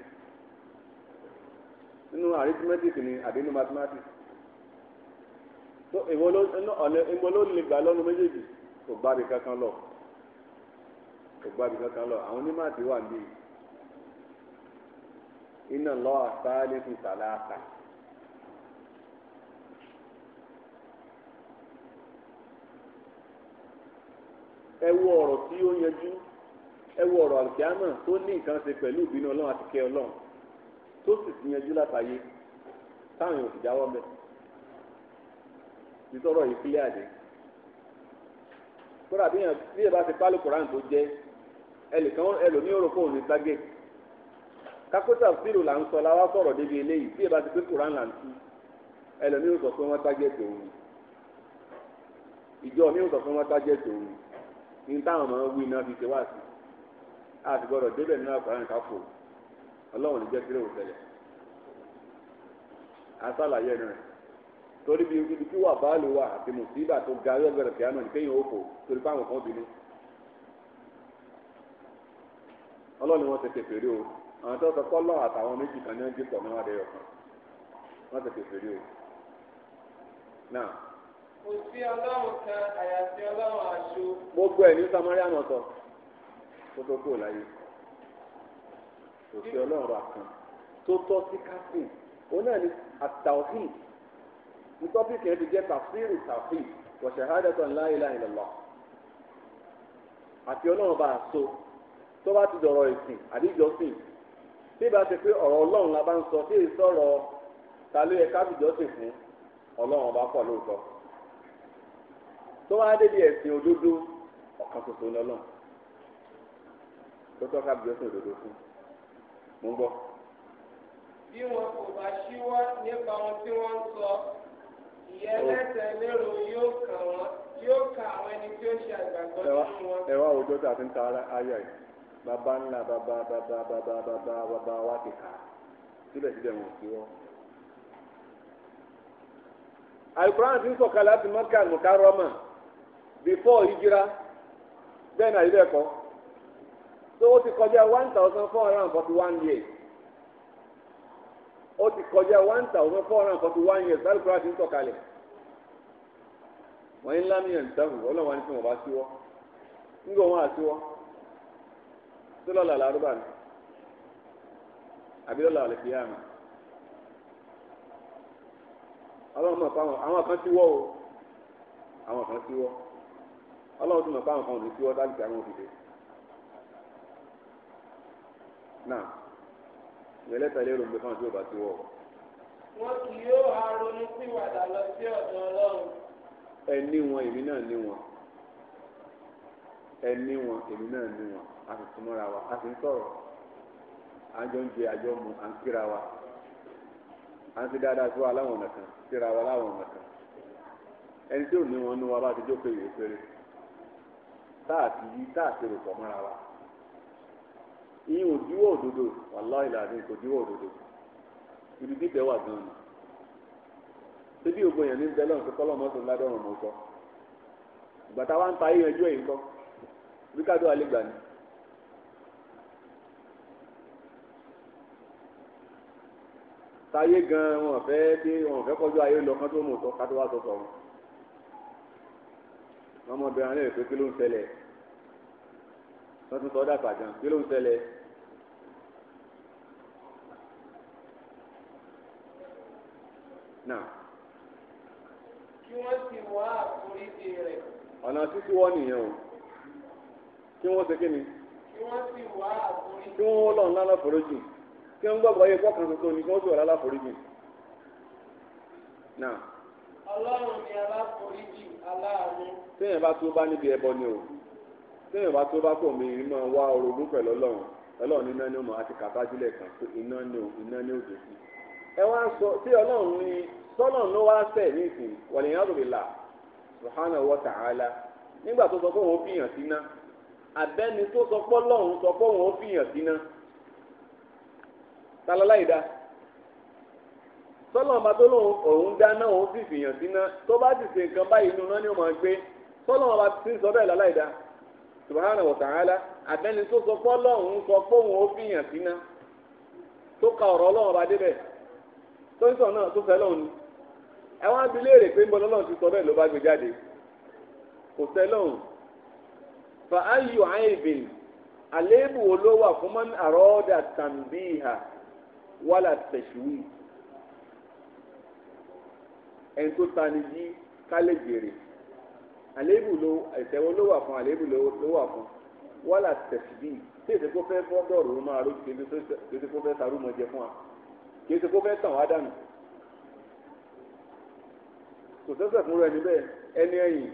B: nínú arithmetic ni àdínú mathematics tó èwo ló ọ̀nà èwo ló lè gbà lọ́nu méjèèjì kò gbá mi kankan lọ kò gbá mi kankan lọ àwọn onímọ̀ àti wà níbí iná lọ àtàlẹ́ fún ìsàlẹ̀ àtà. ẹ wo ọ̀rọ̀ tí ó yanjú ẹ wo ọ̀rọ̀ àlùkìámọ̀ tó ní nǹkan ṣe pẹ̀lú ìbínú ọlọ́run àti kẹ́ ọlọ́run tó sì ti yanjú látàyè táwọn èèyàn ò sì jáwọ́ mẹ́ta. ti tọrọ yìí kílẹ̀ àdé kódà bí yẹn bí yẹn bá ti pálí koran tó jẹ ẹnìkan ẹlòmí òròpó òní gbàgé kakóta fílù là ń sọ la wá débi eléyìí bí yẹn bá ti pé koran là ń tú ẹlòmí òròpó pé wọ́n gbàgé tòun ìjọ mi òròpó gbàgé tòun ní táwọn ọmọ wí náà fi ṣe wá sí a ti gbọ́dọ̀ débẹ̀ nínú àkùrán ká fò Ọlọ́run ní asálàyé torí bí ibi tí wà báàlù wà àti mùsíbà tó ga lọ́gbẹ̀rẹ̀ fìyànà ní kéyìn òfò torí fáwọn kan bínú. ọlọ́ni wọn tètè fèrè o àwọn tó sọ kọ́lọ́ àtàwọn méjì kan ní wọ́n jí pọ̀ mọ́ adéyọ̀ kan wọ́n tètè fèrè o. náà.
C: kò sí ọlọ́run kan àyàfi ọlọ́run àṣọ. gbogbo
B: ẹ̀ ní samaria sọ kó tó kúrò láyé kò sí ọlọ́run kan tó tọ́ sí kásìn òun náà ni àtàwọn ní tọ́pìkì yẹn ti jẹ́ tafsiru tàfí wa shahadatu an la ilaha illallah àti ọlọ́run bá a so tó bá ti dọ̀rọ̀ ìsìn àdíjọ́sìn tí bá ti pé ọ̀rọ̀ ọlọ́run la bá ń sọ tí èso ọ̀rọ̀ ta ló yẹ kábíjọ́sìn fún ọlọ́run ọba pọ̀ lóòótọ́ tó wá débi ẹ̀sìn òdodo ọ̀kan ṣoṣo ni ọlọ́run tó tọ́ kábíjọ́sìn òdodo fún mo ń gbọ́.
C: bí wọn kò bá ṣíwọ́ nípa ohun tí wọ́n sọ. ẹ wá òjò
B: tí a fi ń ta ayọ̀ yìí bàbá ńlá bàbá bàbá bàbá bàbá bàbá wa ti kà á síbẹ̀síbẹ̀ wọn ò sí wọn. alukuran ti ń sọ̀kalẹ̀ láti mọ́kà hijira bẹ́ẹ̀ náà tó ti kọjá one thousand four hundred and forty one years. ó ti kọjá one thousand four hundred forty one years láti kúrò àti ń wọ́n ń lámì ẹ̀ ń tẹ̀wù tí wọ́n bá síwọ́ ńgbọ̀n wọn lọ́la làrúbà ni fi ọlọ́run mọ̀ fáwọn àwọn kan síwọ́ o àwọn kan síwọ́ ọlọ́run tún mọ̀ fáwọn kan ò ní síwọ́ àwọn ìrẹ́lẹ́ta lérò gbé fáwọn tí yóò bá ti wọ̀.
C: wọn kì yóò ha ronú sí wàdà lọ sí ọ̀dọ̀ ọlọ́run.
B: ẹ ní wọn èmi náà ní wọn ẹ ní wọn èmi náà ní wọn a sì súnmọ́ra wa a sì ń sọ̀rọ̀ à ń jọ ń jẹ àjọ mu à ń kíra wa à ń ṣe dáadáa sí wa láwọn ọ̀nà kan síra wa láwọn ọ̀nà kan ẹni tí ò ní wọn ní wa bá ti jókòó ìrèpéré táà ti yí táà ti rò pọ̀ mọ́ra wa ìyẹn ò díwọ́ òdodo wàláhì làdín kò díwọ́ òdodo ibi bíbẹ̀ wà gan-an ni ṣébí ògbó yẹn ní bẹ́lẹ̀ ọ̀sẹ̀ kọ́lọ́ mọ́tò ládọ́rùn mọ́ sọ ìgbàtà wa ń ta yíyanjú ẹ̀yìn kọ́ ríkàdó àlégbà ni. táyé gan wọn fẹ́ dé wọn fẹ́ kọjú ayé lọ kán tó mọ̀ sọ kátó wá sọ sọ̀rọ̀ ọmọbìnrin alẹ́ rẹ̀ pé kí ló ń ṣẹlẹ̀ wọ́n tún sọ ọ́ dàgbà gan kí ló ń ṣẹlẹ̀ náà.
C: kí wọ́n sì wá àforíjì rẹ̀.
B: ọ̀nà títí wọ́n nìyẹn o kí wọ́n ṣe kí ni.
C: kí wọ́n sì wá àforíjì.
B: kí wọ́n lọ ńlá láforíjì kí wọ́n gbàgbọ́ yẹ kọ́kàn tuntun ni kí wọ́n sì wà láforíjì náà.
C: ọlọ́run ni aláforíjì aláàánú. téèyàn bá tó bá níbi ẹbọ ni o
B: téèyàn bá tó bá pọ̀ mi máa wá orogún pẹ̀lú ọlọ́run ọlọ́run nínú ẹni ọmọ àti kàtá sílẹ̀ kan pé iná ni o iná ni o dé sí. ẹ wá ń sọ tí ọlọ́run ní sọ́lọ́run ló wá sẹ̀ ní ìsìn wàlíyàn àdùbìlà subhanahu wa ta'ala nígbà tó sọ pé òun fìyàn
C: abẹ́ni tó sọ pé ọlọ́run
B: sọ pé òun fìyàn dá tó lóun òun dáná òun sì fìyàn ni ó máa gbé ti sọ bẹ́ẹ̀ dá abẹ́ni tó sọ pé ọlọ́run sọ pé òun fìyàn tó ka ọ̀rọ̀ sọ́ńsọ̀ náà tó fẹ́ lọ́hùn ni àwọn abilé rè pé ń bọ́ lọ́lọ́run ti sọ bẹ́ẹ̀ ló bá gbé jáde kò fẹ́ lọ́hùn fa ayu aibin àléébù wo ló wà fún man àrọ́ọ̀dà tàǹbìhà ẹni tó tani yí kálẹ̀ jèrè àléébù ló ẹ̀sẹ̀ wo ló wà wà fún tí èsì kó fẹ́ fọ́ dọ̀rọ̀ ló máa rójú kí èsì kó fẹ́ sarú mọ́ jẹ fún wa kì í ṣe kó fẹ́ tàn wá dànù kò sẹ́sẹ̀ fún rẹ níbẹ̀ ẹni ẹ̀yìn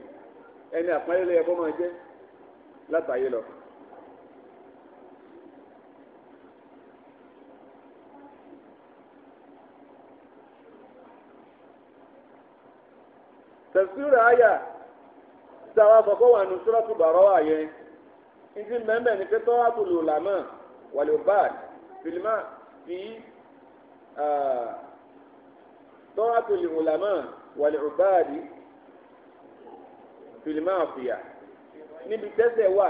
B: ẹni àpọ́nlẹ́lẹ́ ẹ̀kọ́ máa jẹ́ látàyè lọ. tẹ̀síwìrì àyà tí àwọn afọ̀kọ́ wà nù sọ́rọ́tù bàrọ́ wà yẹn ìdí mẹ́mẹ́ ni pé tọ́wọ́ làmọ́ wàlúùbáàdì fìlímà fìyí tọ́wọ́tò lìwòlámà والعباد في المافيا. نبي níbi tẹ́sẹ̀ wà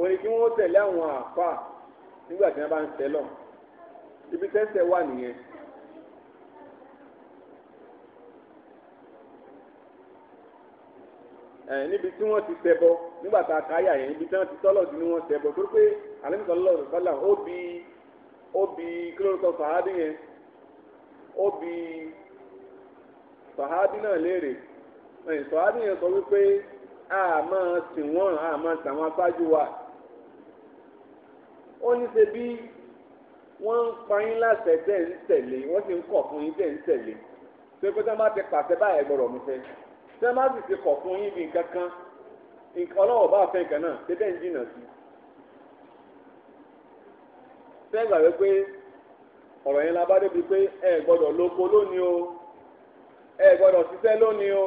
B: òní kí wọ́n tẹ̀lé àwọn àfa nígbà tí wọ́n bá ń tẹ́lọ̀ ibi tẹ́sẹ̀ wà nìyẹn. níbi tí wọ́n ti ṣẹbọ nígbà tá a ká yà yẹn níbi tí wọ́n ti tọ́lọ̀ sí ni wọ́n ṣẹbọ torí pé àlẹ́ nìkan lọ́rùn sálà ó bi ó bi kí sọ sàádì yẹn. ó bi sọ̀hábí náà léèrè sọ̀hábí yẹn sọ wípé a máa sìn wọ́n a máa tàwọn aṣáájú wa ó ní ṣe bí wọ́n ń pa láṣẹ ń tẹ̀lé wọ́n sì ń kọ̀ fún yín tẹ̀ ń tẹ̀lé ṣé pé tí wọ́n bá ti pàṣẹ báyẹn gbọ́dọ̀ mú fẹ́ tí wọ́n bá sì ti kọ̀ fún yín bí nǹkan kan ọlọ́wọ́ bá fẹ́ nǹkan náà ṣé sí ọ̀rọ̀ yẹn la bá débi pé ẹ gbọ́dọ̀ lóko lónìí o ẹ gbọ́dọ̀ ṣiṣẹ́ lónìí o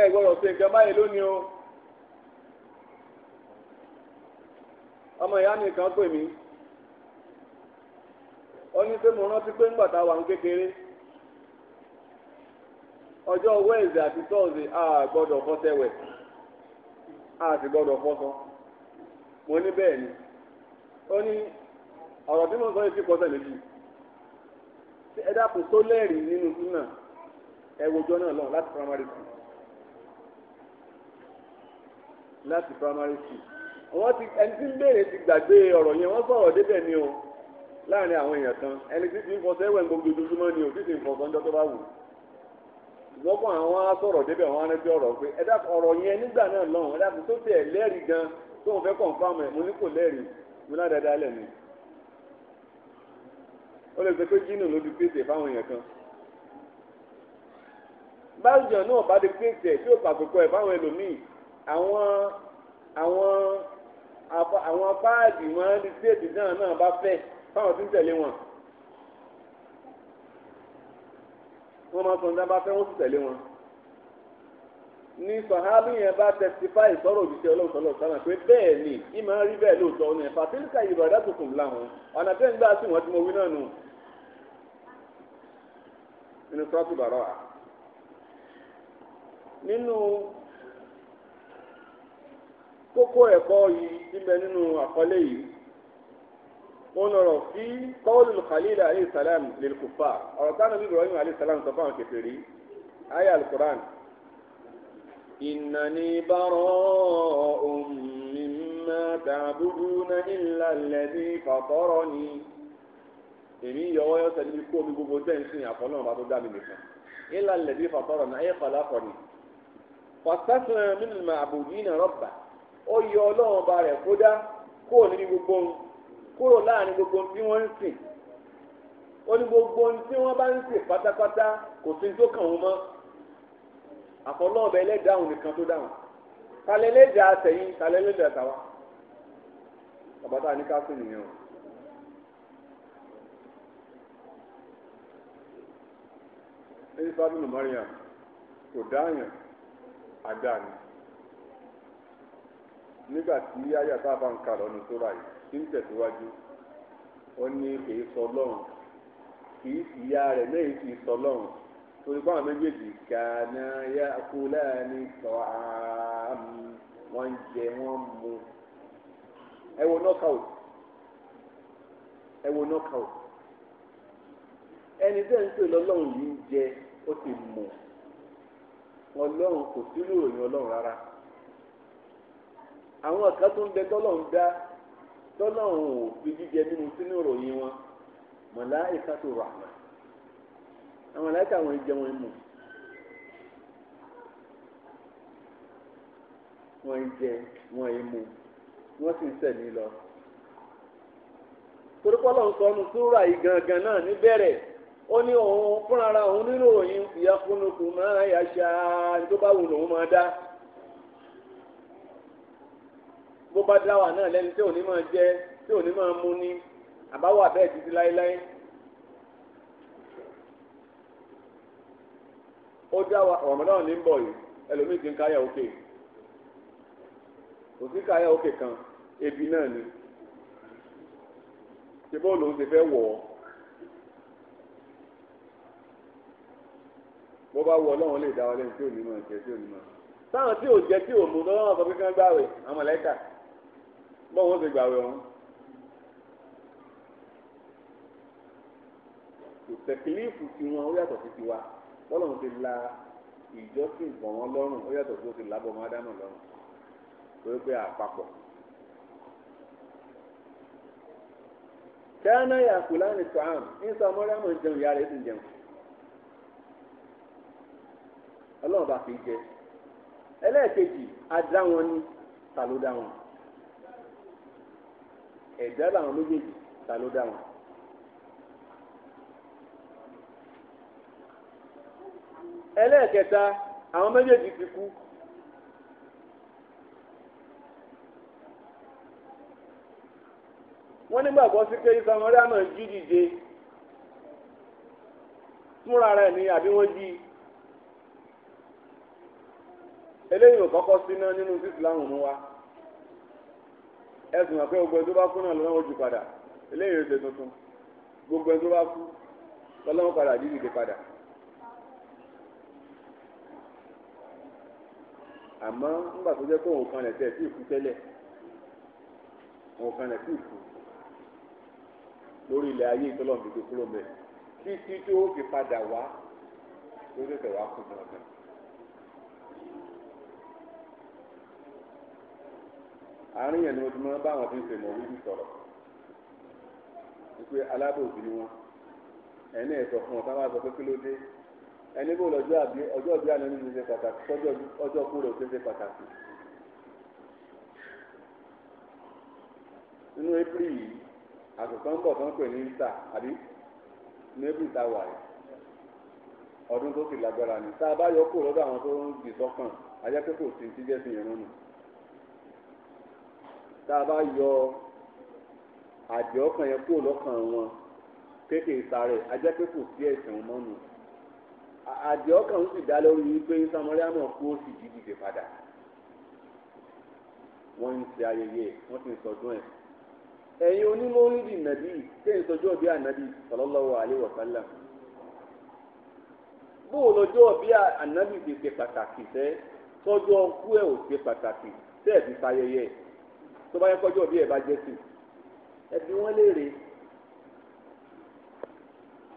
B: ẹ gbọ́dọ̀ ṣe nǹkan báyìí lónìí o ọmọ ìyá nìkan pè mí ní pé mo rántí pé ńgbà tá a wà ń kékeré ọjọ́ wẹ́ẹ̀sì àti tọ́ọ̀sì a gbọ́dọ̀ a sì gbọ́dọ̀ fọ́sọ mo ní bẹ́ẹ̀ ni ó ní. ọ̀rọ̀ tí mo sọ yìí ti kọ́ sẹ́lẹ̀ jù ẹ dákun tó lẹ́rìí nínú súnà ẹ wojọ́ náà lọ láti primary school láti primary school wọ́n ti ẹni tí ń béèrè ti gbàgbé ọ̀rọ̀ yẹn wọ́n sọ̀rọ̀ débẹ̀ ni o láàrin àwọn èèyàn kan ẹni tí ti ń fọṣẹ́ wẹ̀ gbogbo ojoojúmọ́ ni o tí ti ń fọṣọ́ ńjọ́ tó bá wù lọ́gbọ́n àwọn asọ̀rọ̀ débẹ̀ wọn rántí ọ̀rọ̀ pé ẹ dákun ọ̀rọ̀ yẹn nígbà náà lọ́hùn ẹ dákun tó tẹ̀ lẹ́rìí gan tó ń fẹ́ confam ẹ̀ mo ní kò lẹ́rìí mo ná dáadáa lẹ́nu ó lè sọ pé jínù ló di pèsè fáwọn èèyàn kan bájọ náà bá di pèsè tí ó pàkókò ẹ̀ fáwọn ẹlòmíì àwọn àwọn àwọn páàdì wọn di pèsè náà náà bá fẹ́ fáwọn tí ń tẹ̀lé wọn wọ́n máa sọ nígbà bá fẹ́ wọ́n sì tẹ̀lé wọn ní sọ̀hábì yẹn bá testify sọ̀rọ̀ òjíṣẹ́ ọlọ́run sọ̀rọ̀ sọ̀rọ̀ pé bẹ́ẹ̀ ni ìmọ̀ rí bẹ́ẹ̀ lóòótọ́ ọ̀nà ẹ̀fà tí ń ka ìbàdàn tó kùn láwọn ọ̀nà tẹ́ ń gbà sí wọn tí mo wí náà nù nínú sọ́ọ̀tù bàrọ̀ à. nínú kókó ẹ̀kọ́ yìí síbẹ̀ nínú àkọlé yìí wọn lọrọ fi kọ́ọ̀lù khalil alayhi salam lil kuffar ọ̀rọ̀ táwọn bí ibrahim alayhi salam sọ fún àwọn ayé alukuran ìnáni bàrọ̀ ọ̀hún mímá ta'buduna illa alladhi fatarani èmi ń yọwọ́ yọ sẹ́ni kó mi gbogbo tẹ́ ń sìn àfọlọ́ ọba tó dá mi nìkan ilà lẹ́bí fàtọ́rọ̀ náà ẹ̀yẹ fàlà fọ̀ ni fàtàkùn nínú àbòdì náà rọ́bà ó yọ ọlọ́run ọba rẹ̀ kódà kúrò níbi gbogbo ohun kúrò láàrin gbogbo ohun tí wọ́n ń sìn ó ní gbogbo tí wọ́n bá ń sìn pátápátá kò sí tó kàn wọ́n mọ́ àfọlọ́ ọba ẹlẹ́dàáhùn nìkan tó dáhùn talẹ́lẹ́dàá tẹ̀yìn talẹ́lẹ́dàá tàwa bàbá tá a ní ká sìn nìyẹn o. ẹni sábìnù ni nígbà tí àyà tá a bá ń kà lọ́nu tó yìí tí ń tẹ̀síwájú ó sọ lọ́hùn kìí ya rẹ̀ náà kì í sọ lọ́hùn torí báwọn méjèèjì kàná yá kú láàánú sọ àmì wọ́n jẹ wọ́n mu ẹ wo knockout ẹ ẹni tẹ́ ń pè lọ́lọ́run yìí ń jẹ ó ti mọ̀ ọlọ́run kò sí ròyìn ọlọ́run rárá àwọn kan tó ń bẹ tọ́lọ́run dá tọ́lọ́run ò fi jíjẹ nínú sínú ròyìn wọn wọn jẹun wọn jẹ wọn ẹmu wọn sì lọ torí sọ ọ́nù yìí gangan ó ní òun fúnra òun nínú òyìn ìyakunukù máa yàṣà tó bá wù lòun máa dá bó bá dá wà náà lẹ́ni tí òní máa jẹ tí òní máa mu ní àbáwà bẹ́ẹ̀ títí láéláé. ó dá wa Ramadan ní bọ̀ yìí ẹlòmíì ti ń káyà òkè kò sí káyà òkè kan ebi náà ni ṣé bó lòun ti fẹ́ wọ̀ ọ́. bó bá wọ ọlọ́run lè dá wa lẹ́yìn tí ò ní mọ̀ ẹ̀jẹ̀ tí ò ní mọ̀ táwọn tí ò jẹ́ tí ò mú lọ́wọ́ sọ pé kí wọ́n gbàwé àwọn mọ̀lẹ́kà bọ́ọ̀ wọ́n ti gbàwé ọ̀hún. tẹkilífù tiwọn ó yàtọ̀ sí tiwa bọ́lọ́run ti la ìjọsìn bọ̀ wọ́n lọ́rùn ó yàtọ̀ sí ó ti lábọ̀ wọn dáná lọ́rùn pé pé àpapọ̀. kẹ́hánà yàkùlá ní sàm ní sàmúlẹ́mù jẹun ìyá rẹ̀ ti jẹun. ọlọ́run bá fi jẹ ẹlẹ́ẹ̀kejì adá wọn ni ta ló dá wọn ẹ̀dá làwọn méjèèjì ta ló dá wọn. ẹlẹ́ẹ̀kẹta àwọn méjèèjì ti kú. wọ́n nígbàgbọ́ sí pé ìfọmọ́rẹ́ àmọ́ jí dìde fúnra rẹ̀ ni àbí wọ́n jí i. eléyìí ò kọ́kọ́ na nínú islam mú wa eze àpẹ́ gbogbo ẹni tó bá kú náà lọ́wọ́ jù padà eléyìí ò ṣe tuntun gbogbo ẹni tó bá kú lọ́wọ́ padà dídìde padà. àmọ́ ńgbà tó jẹ́ pé òun kan lẹ̀ tẹ̀ sí ìkú tẹ́lẹ̀ òun kan lẹ̀ sí ìkú lórí ilẹ̀ ayé kúrò títí tó àárín yẹn ni mo ti máa ń bá àwọn tí ń ṣe mọ̀wúlì sọ̀rọ̀ wípé alábòsí ni wọn ẹni ẹ̀sọ̀ fún ọ̀tá máa sọ pé kí ló dé ẹni bó lọ́jọ́ àbí ọjọ́ àbí ànábi ṣe ṣe pàtàkì tọ́jọ́ ọjọ́ kú rẹ̀ ṣe ṣe pàtàkì. nínú april yìí àtúntò ń bọ̀ tó ń pè ní Easter àbí ní april tá a wà yìí ọdún tó sì lágbára ni tá a bá yọ kó lọ́dọ̀ àwọn tó ń gbìsọ́kàn ajá pé kò tá a bá yọ àjẹ ọkàn yẹn kúrò lọ́kàn wọn kéèké sáré ajẹ́ pé kò sí ẹ̀sìn mọ́nu àjẹ ọkàn ń sì dá lórí wípé samariama kú ó sì jí dìde padà wọ́n ń ṣe ayẹyẹ wọ́n ti ń sọdún ẹ̀ ẹ̀yin onímọ̀ọ́lìdì nàbí tẹ̀ ń sọjọ́ bí ànábì sallallahu alaihi wasallam bóòlù ọjọ́ bí ànábì ti ṣe pàtàkì sẹ́ tọ́jú ọkú ẹ̀ ò ṣe pàtàkì tẹ́ẹ̀ fi ṣayẹyẹ ẹ̀ tó bá yẹ kọjú òbí ẹ bá jẹ sí ẹbí wọn léèrè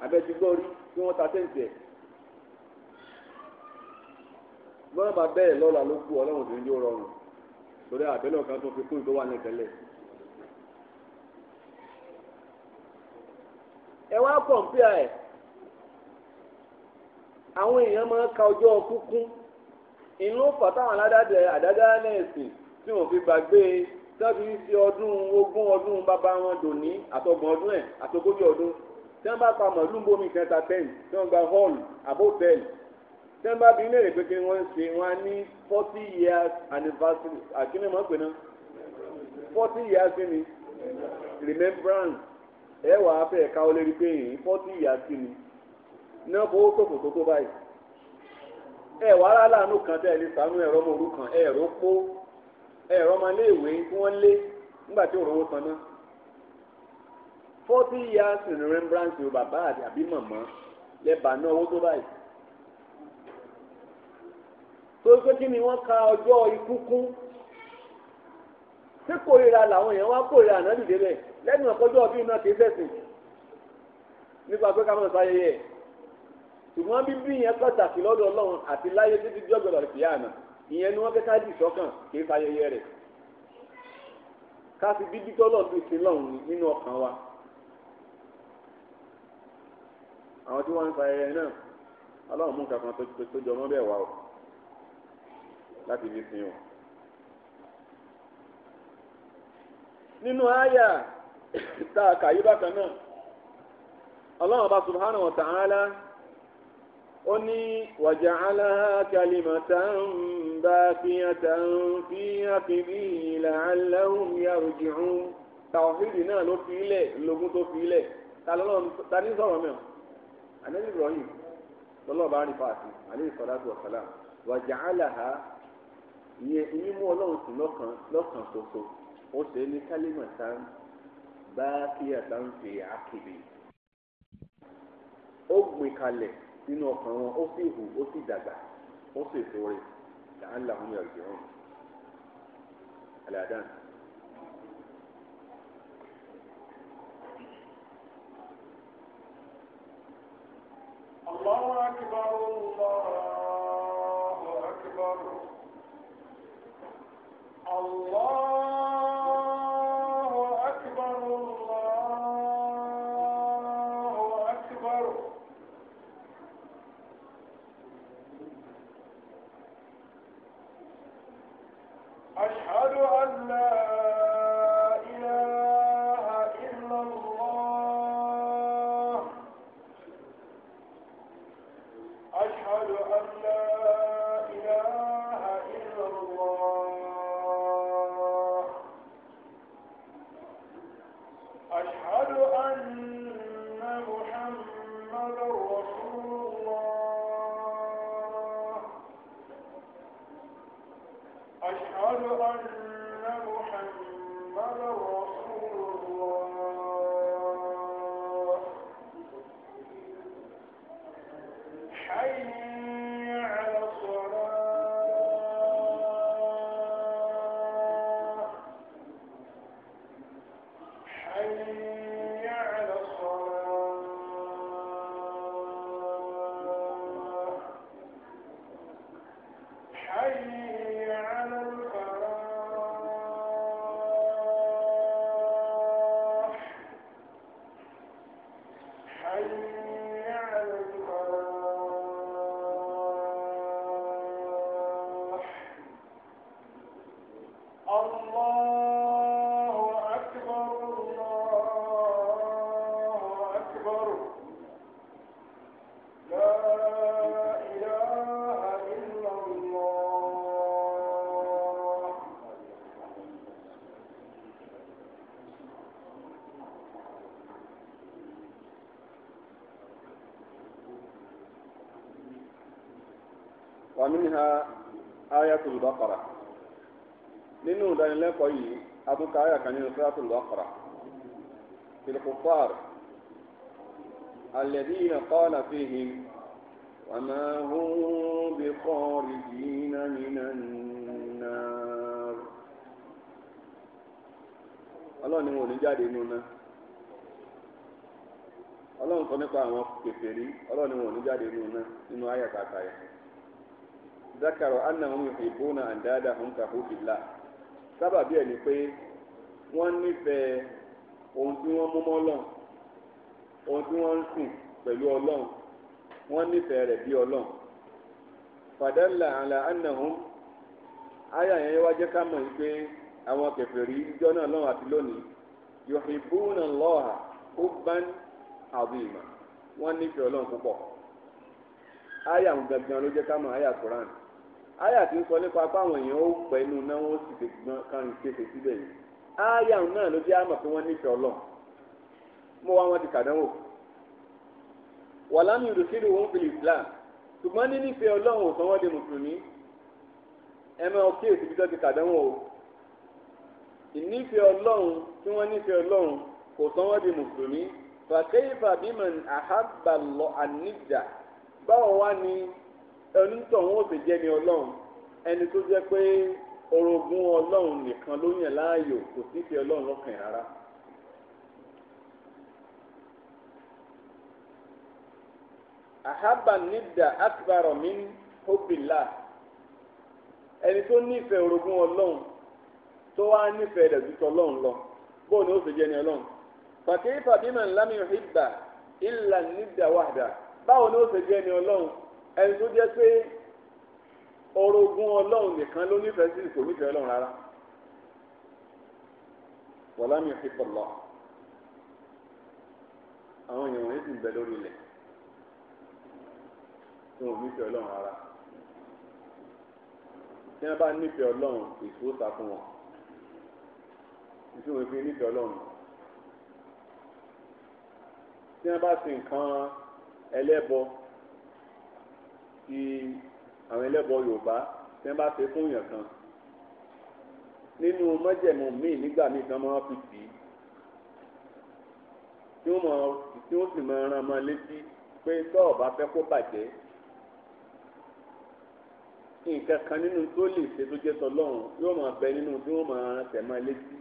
B: abẹ́tìgbọ́ rí tí wọ́n ta sẹ́ǹtì ẹ̀ gbọ́dọ̀ bá bẹ́ẹ̀ lọ́la ló kú ọlọ́run tó ń jó rọrùn torí àbẹ́lẹ̀ ọ̀kan tó fi kún ìtọ́wà ní ìtẹ́lẹ̀. ẹ wá kọ̀m̀pìà ẹ̀ àwọn èèyàn máa ń ka ọjọ́ kúkún inú fàtàwọn aládàáda àdádá nẹ́ẹ̀sì tí wọ́n fi gbàgbé tábí fi ọdún ogún ọdún bàbá wọn dòní àtọgbọ̀n ọdún ẹ̀ àtogójì ọdún tí wọ́n bá pa màálù bomi kẹta tẹ́ẹ̀n tí wọ́n gba hall abótẹ́ẹ̀lì tí wọ́n bá bí ilé rẹ̀ pé kí wọ́n ṣe wọ́n á ní forty years anniversary àkínní mọ̀ pé náà forty years ni remembrance ẹ wà á fẹ́ ká ọ lérí pé yìí forty years ni náà fowó ṣòfò tó tó báyìí ẹ wàá rà láàánú kan tẹ́ ẹ lè sànú ẹ̀rọ mọ̀ọ́rú kan ẹ̀rọ pọ́. ẹ̀rọ ọmọ iléèwé tí wọ́n lé nígbà tí òróró tán náà forty years in remembrance o bàbá àbí màmá lẹ́bàá náà owó tó báyìí tó kí ni wọ́n ka ọjọ́ ikú kún tí kórìíra làwọn èèyàn wá kórìíra ànábì délẹ̀ lẹ́nu ọ̀kọ́jọ́ ọdún náà kì í ṣẹ̀sìn nípa pé ká mọ̀ sáyẹyẹ ṣùgbọ́n bíbí yẹn pàtàkì lọ́dọ̀ ọlọ́run àti láyé títí jọ́gbẹ̀lọ̀ kìí àná. ìyẹn ni wọ́n fẹ́ káàdì sọ́kàn kì í fa ayẹyẹ rẹ̀ ká fi bíbí tọ́lọ̀ fi sin lọ́hùn nínú ọkàn wa àwọn tí wọ́n ń fa ayẹyẹ náà ọlọ́run mú nǹkan kan tó jọ mọ́ bẹ́ẹ̀ wá o láti fi sin o. nínú àyà tá a kà yí bákan náà ọlọ́run ọba subhanahu wa ta'ala ó ní wàjà alákàlìmọ̀tà ń bá fìyàtà ń fìyà fìbí ìlà aláhùn yarùjìrún tàwọ̀fíìdì náà ló fi ilẹ̀ lógún tó fi ilẹ̀ ta ní sọ̀rọ̀ mẹ́ọ̀ ànábì Ibrahim lọ́lọ́ọ̀bá rìn fàásì àlẹ́ ìsọ̀dájú ọ̀sálà wàjà aláha ìyẹn ìyẹn mú ọlọ́run sí lọ́kàn lọ́kàn ṣoṣo ó ṣe ní kálímọ̀tà bá fìyàtà ń fi àkìbì ó gbìn kalẹ̀. nínú ọkàn wọn ó sì hù ó sì dàgbà ó sì sóore làálà ń yọ ìgbìrún àlàdán.
D: الله أكبر الله أكبر الله أشهد أن لا
B: wàmínà ha baqara nínú ìdánilẹ́kọ̀ọ́ yìí abúkà ayà kan nínú suratul baqara filkufar alẹ́dínà qala fihim wàmà hum bí kọ́ọ̀rì dínà minan nar ọlọ́ọ̀ni wọn ni zakaro anahum yuhibbuna andada hum kahubbillah sábàbí ẹ̀ ni pé wọ́n nífẹ̀ẹ́ ohun tí wọ́n mú mọ́ lọ́n ohun tí wọ́n ń sìn pẹ̀lú ọlọ́run wọ́n nífẹ̀ẹ́ rẹ̀ bí ọlọ́run fàdánlà àlà anahum àyà yẹn wá jẹ́ ká mọ̀ yìí pé àwọn kèfèrí ìjọ náà lọ́run àti lónìí yuhibbuna hubban azima wọ́n nífẹ̀ẹ́ ọlọ́run púpọ̀ àyà ń gangan ló jẹ́ ká mọ̀ àyà Kùránì àyà tí ń sọ nípa apá àwọn èèyàn ó pẹ̀lú náà wọ́n sì fi gbọ́n kárin kéde síbẹ̀ yìí àyà náà ló jẹ́ àmọ̀ pé wọ́n nífẹ̀ẹ́ ọlọ́run mo wá wọn ti kàdánwò wàlámì ìrùsílù òun fi Islam ṣùgbọ́n nínífẹ̀ẹ́ ọlọ́run ò sọ wọ́n di mùsùlùmí ẹ máa kí èsì bíjọ́ ti kàdánwò o ìnífẹ̀ẹ́ ọlọ́run tí wọ́n nífẹ̀ẹ́ ọlọ́run kò sọ wọ́n mùsùlùmí fàkẹ́yìfà bímọ àhábàlọ́ àníjà báwo wá ni onítọ̀ wọn jẹ́ ni ọlọ́run ẹni tó jẹ́ pé orogún ọlọ́run nìkan ló yàn láàyò kò sí fi ọlọ́run lọ́kàn rárá. àhábà nídà akbaro min hubbillah ẹni tó nífẹ̀ẹ́ orogún ọlọ́run tó wá nífẹ̀ẹ́ rẹ̀ ju tọ́lọ́run lọ ni ó jẹ́ ni ọlọ́run fàkìrìfà bímọ ńlá mi ò hìgbà ìlà nídà wàdà ni jẹ́ ni ọlọ́run. ẹni tó jẹ́ pé orogún ọlọ́run nìkan ló nífẹ̀ẹ́ sí kò nífẹ̀ẹ́ ọlọ́run rárá wàlá mi fi pọ̀lọ́ àwọn èèyàn wọ̀nyí sì ń bẹ lórí ilẹ̀ tí wọn ò nífẹ̀ẹ́ ọlọ́run rárá tí wọn bá nífẹ̀ẹ́ ọlọ́run ìfowópamọ́ fún wọn ìfowópamọ́ fi nífẹ̀ẹ́ ọlọ́run tí wọn bá sin nǹkan ẹlẹ́bọ ti àwọn ẹlẹ́bọ Yorùbá tí wọ́n bá ṣe fún yàn kan nínú mọ́jẹ̀mú míì nígbà míì kan máa fi tì í tí wọ́n tí wọ́n sì máa ran ọmọ létí pé tọ́ọ̀ bá fẹ́ kó bàjẹ́ nǹkan kan nínú tó lè ṣe tó jẹ́ tọlọ́run yóò máa bẹ nínú tí wọ́n máa ran tẹ̀ máa létí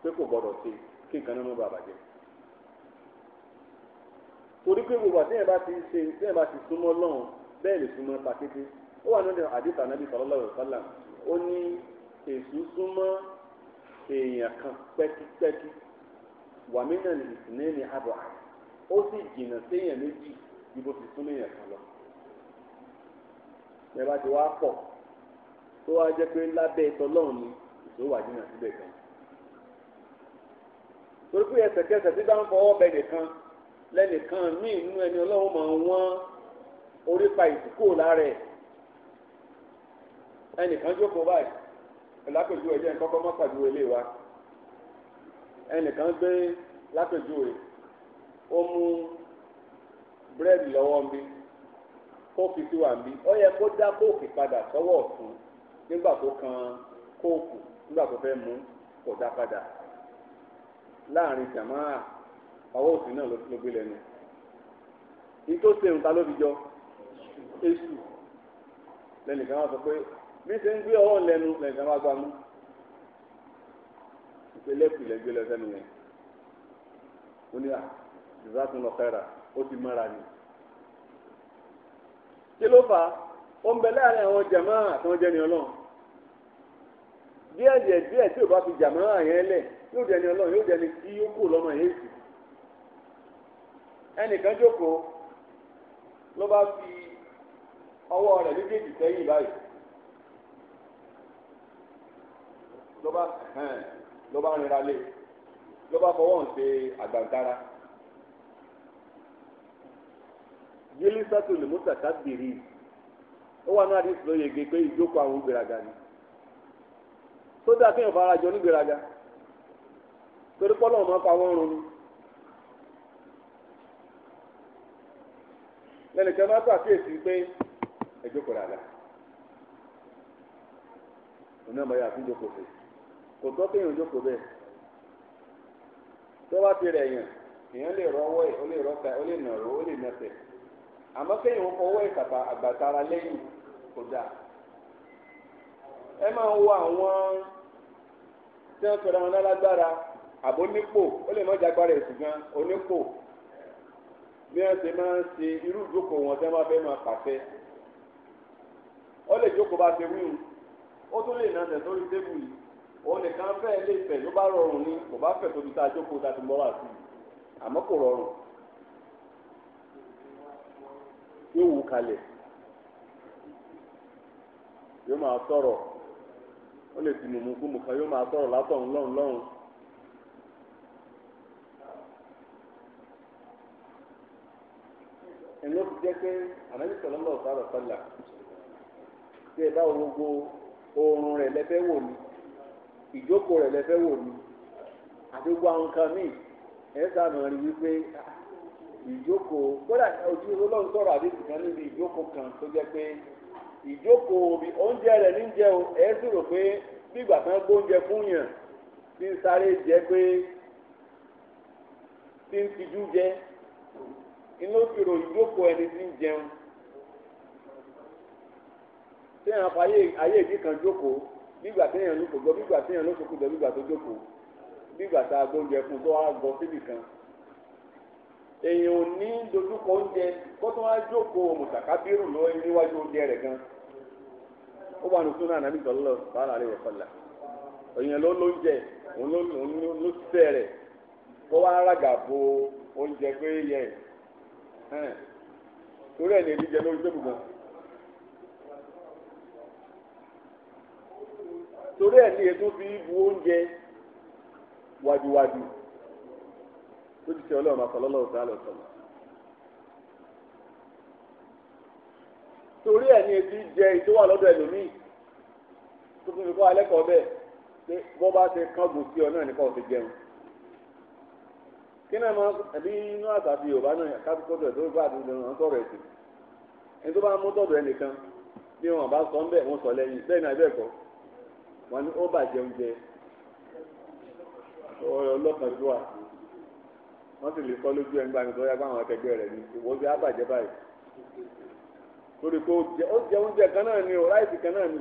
B: pé kò gbọ́dọ̀ ṣe kí nǹkan náà má bàjẹ́ torí pé gbogbo àti ẹ̀bá ti ṣe tí ẹ̀bá ti súnmọ́ lọ́hùn bẹ́ẹ̀ lè súnmọ́ takété ó wà nínú àdìsá nàbí sallallahu alaihi wasallam ó ní èṣù súnmọ́ èèyàn kan pẹ́kípẹ́kí wàmínà ní ìsìnlẹ̀ ní àbọ̀ àyè ó sì jìnnà séèyàn méjì bí mo ti súnmọ́ èèyàn kan lọ. ẹ̀bá ti wá pọ̀ tó wá jẹ́ pé lábẹ́ tọlọ́run ni ìṣòwò àjìnà síbẹ̀ kan torí pé ẹsẹ̀kẹsẹ̀ lẹ́nìkan míì nínú ẹni ọlọ́run máa ń wọ́n orí pa ìdíkò lára ẹ̀ ẹnìkan jókòó báyìí lápèjú ẹ̀jẹ̀ kọ́kọ́ má pàdé ilé wa ẹnìkan gbé lápèjú rẹ̀ ó mú búrẹ́dì lọ́wọ́ mi kóòkì tí wà mí ó yẹ kó dá kóòkì padà sọ́wọ́ ọ̀tún nígbà tó kan kóòkù nígbà tó fẹ́ mú kò dá padà láàrin ọwọ́ òsì náà ló ló gbélé ni nítorí ó sèrùn ta jọ èṣù lẹ́nìkan wá sọ pé bí ṣe ń gbé ọwọ́ lẹ́nu lẹ́nìkan wá gbá mú yẹn ó ní lọ ó ti mọ́ra ni kí ló fà á ó ń bẹ láàrin àwọn jàmáà àtàwọn dị ọlọ́run díẹ̀ díẹ̀ díẹ̀ tí ò bá fi ọlọ́run yóò kú lọ́mọ ẹnìkan jókòó ló bá fi ọwọ́ rẹ̀ méjèèjì sẹ́yìn báyìí ló bá ló bá rìnra lé ló bá fọwọ́ hàn àgbàǹtara jílí sátò lè mú bìrì ó wà náà yege pé ìjókòó àwọn ni sódà jọ ní gbéraga torí pọ́lọ́ pa lẹ́nìkan máa pàkíyèsí pé ẹjọ́ kò dáadáa òní àmọ́ yà á fi jókòó fè kò tọ́ kéèyàn jókòó bẹ́ẹ̀ tó bá ti rẹ̀ yàn èèyàn lè rọwọ́ ẹ̀ ó lè rọ́ta ó lè nàró ó lè nàfẹ̀ àmọ́ kéèyàn àgbàtara lẹ́yìn kò dáa ẹ máa wo àwọn tí wọ́n fẹ́ràn bí wọ́n ṣe máa ń wọn tẹ́ wọ́n fẹ́ máa pàṣẹ ó lè jókòó bá ṣe wíwù ó tún lè nàṣẹ sórí tébù yìí òun nìkan fẹ́ lè fẹ́ ló bá rọrùn ni kò tóbi tá a jókòó tá a ti mọ́ wá sí i àmọ́ kò rọrùn yóò kalẹ̀ yóò máa sọ̀rọ̀ ó lè ti mùmú yóò ẹni ó fi jẹ́ pé ànábì sọlọ́mọ ọ̀sán àlọ́sọ́là tí ẹ bá wo gbogbo oorun rẹ̀ lẹ́fẹ́ wò ni ìjókòó rẹ̀ lẹ́fẹ́ wò ni àti gbogbo àwọn nǹkan míì ẹ sànù rí wípé ah, ìjókòó kódà ojú olóhùn sọ̀rọ̀ àdéhùn kan níbi ìjókòó kan tó jẹ́ pé ìjókòó òbí oúnjẹ rẹ̀ ní jẹ́ o ẹ sì rò pé bí ìgbà kan gbóúnjẹ fún yàn tí ń sáré jẹ pé tí ń tijú jẹ inú fi ròyìn lóko ẹni tí ń jẹun téèyàn fa ayé ìdí kan jókòó bígbà téèyàn ló kò gbọ́ bígbà téèyàn ló kò gbọ́ bígbà tó jókòó bígbà tá a gbóúnjẹ fún tó wá síbì kan èèyàn ò ní dojúkọ oúnjẹ kó tó wá jókòó lọ níwájú rẹ fọlá èèyàn ló òun ló ló rẹ kó wá bo oúnjẹ torí ẹ̀ ní èdè jẹ lórí tébù gan. torí ẹ̀ ní fi bu oúnjẹ wàdùwàdù tó ti ṣe ọlọ́run àfọlọ́lọ́ ọ̀sán àlọ́ torí ẹ̀ ní ètò jẹ ìtọ́wà lọ́dọ̀ ẹlòmíì tó fi fi kọ́ alẹ́ bẹ́ẹ̀ bọ́ bá ti kángun sí ọ náà kí ma máa inú àtàbí yorùbá náà kápẹ́kọ́tọ̀ tó bá àdúgbò náà sọ̀rọ̀ ẹ̀sìn ẹni tó bá mú tọ̀dọ̀ ẹnìkan bí wọn bá sọ ń bẹ̀ wọn sọ lẹ́yìn bẹ́ẹ̀ wọn ni ó ọlọ́kan tó wà wọ́n sì lè kọ́ lójú tó yá akẹgbẹ́ rẹ̀ ni bí abàjẹ́ báyìí torí pé ó jẹ kan náà ni kan náà ni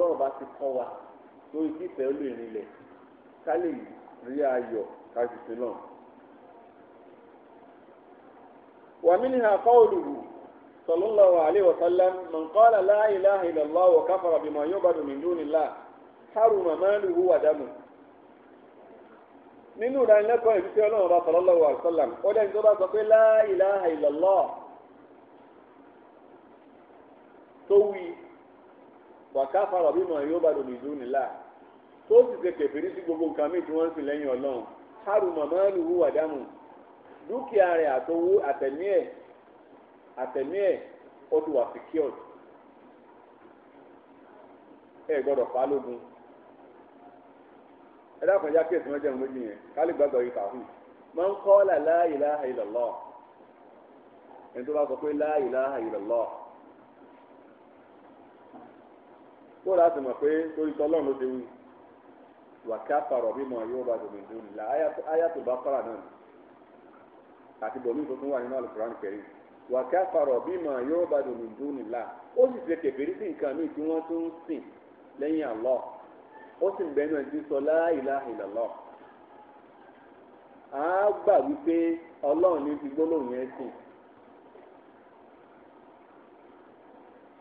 B: ló mú. wa lórí kífẹ́ olóyìn lẹ̀ ká lè rí ayọ̀ ká sì sí náà. ومنها قوله صلى الله عليه وسلم من قال لا إله إلا الله وكفر بما يعبد من دون الله حرم ماله ودمه nínú ìdánilẹ́kọ̀ọ́ ìdí ọlọ́run bá sọ̀rọ̀ lọ́wọ́ ó dẹ́ni tó bá sọ pé la ilaha tó wí wa kafara bima yubadu min dunillah tó sì ṣe kẹfìrí sí gbogbo nǹkan míì tí wọ́n ń sìn lẹ́yìn ọlọ́run haru màmá lùwú wàdámù dúkìá rẹ̀ àtọwó àtẹ̀mí ẹ̀ àtẹ̀mí ẹ̀ ó wà secured ẹ gbọ́dọ̀ pa lógun ẹ dákun ẹjá kí èsì wọn jẹun yẹn gbàgbọ́ máa ń kọ́ wàkàfàrọ̀ bímọ yóò bá dòmí dùn la ayàtò bá fara náà ni àti bòmí tuntun wà nínú alukuran kẹrin wàkàfàrọ̀ bímọ yóò bá dòmí dùn la ó sì ṣe kẹfẹ́rí sí nǹkan míì tí wọ́n tún ń sìn lẹ́yìn Allah ó sì ń bẹnu sọ la ilaha illallah gbà wípé ọlọ́run ní ti gbólóhùn yẹn sìn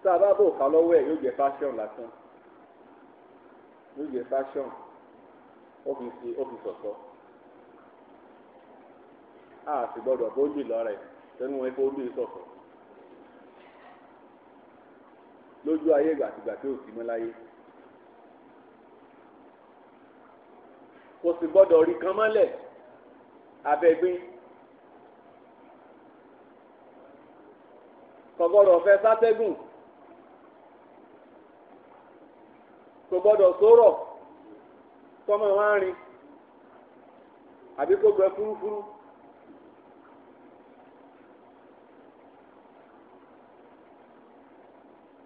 B: tá a ẹ̀ yóò jẹ́ fashion lásán yóò jẹ́ fashion óbì fi óbì sọ̀tọ̀ a sì gbọdọ̀ bójú lọ́rẹ̀ tẹnu wọn kó lóye sọ̀tọ̀ lójú ayé gbàtìgbà tí ò sí mọ́ láyé kò sì gbọdọ̀ rí kan mọ́lẹ̀ abẹ́gbẹ́ kò gbọdọ̀ fẹ́ sátẹ́gùn kò gbọdọ̀ sọ̀rọ̀. So
C: kọ́mọ wá rìn
B: àbí kó gbẹ fúrúfúrú.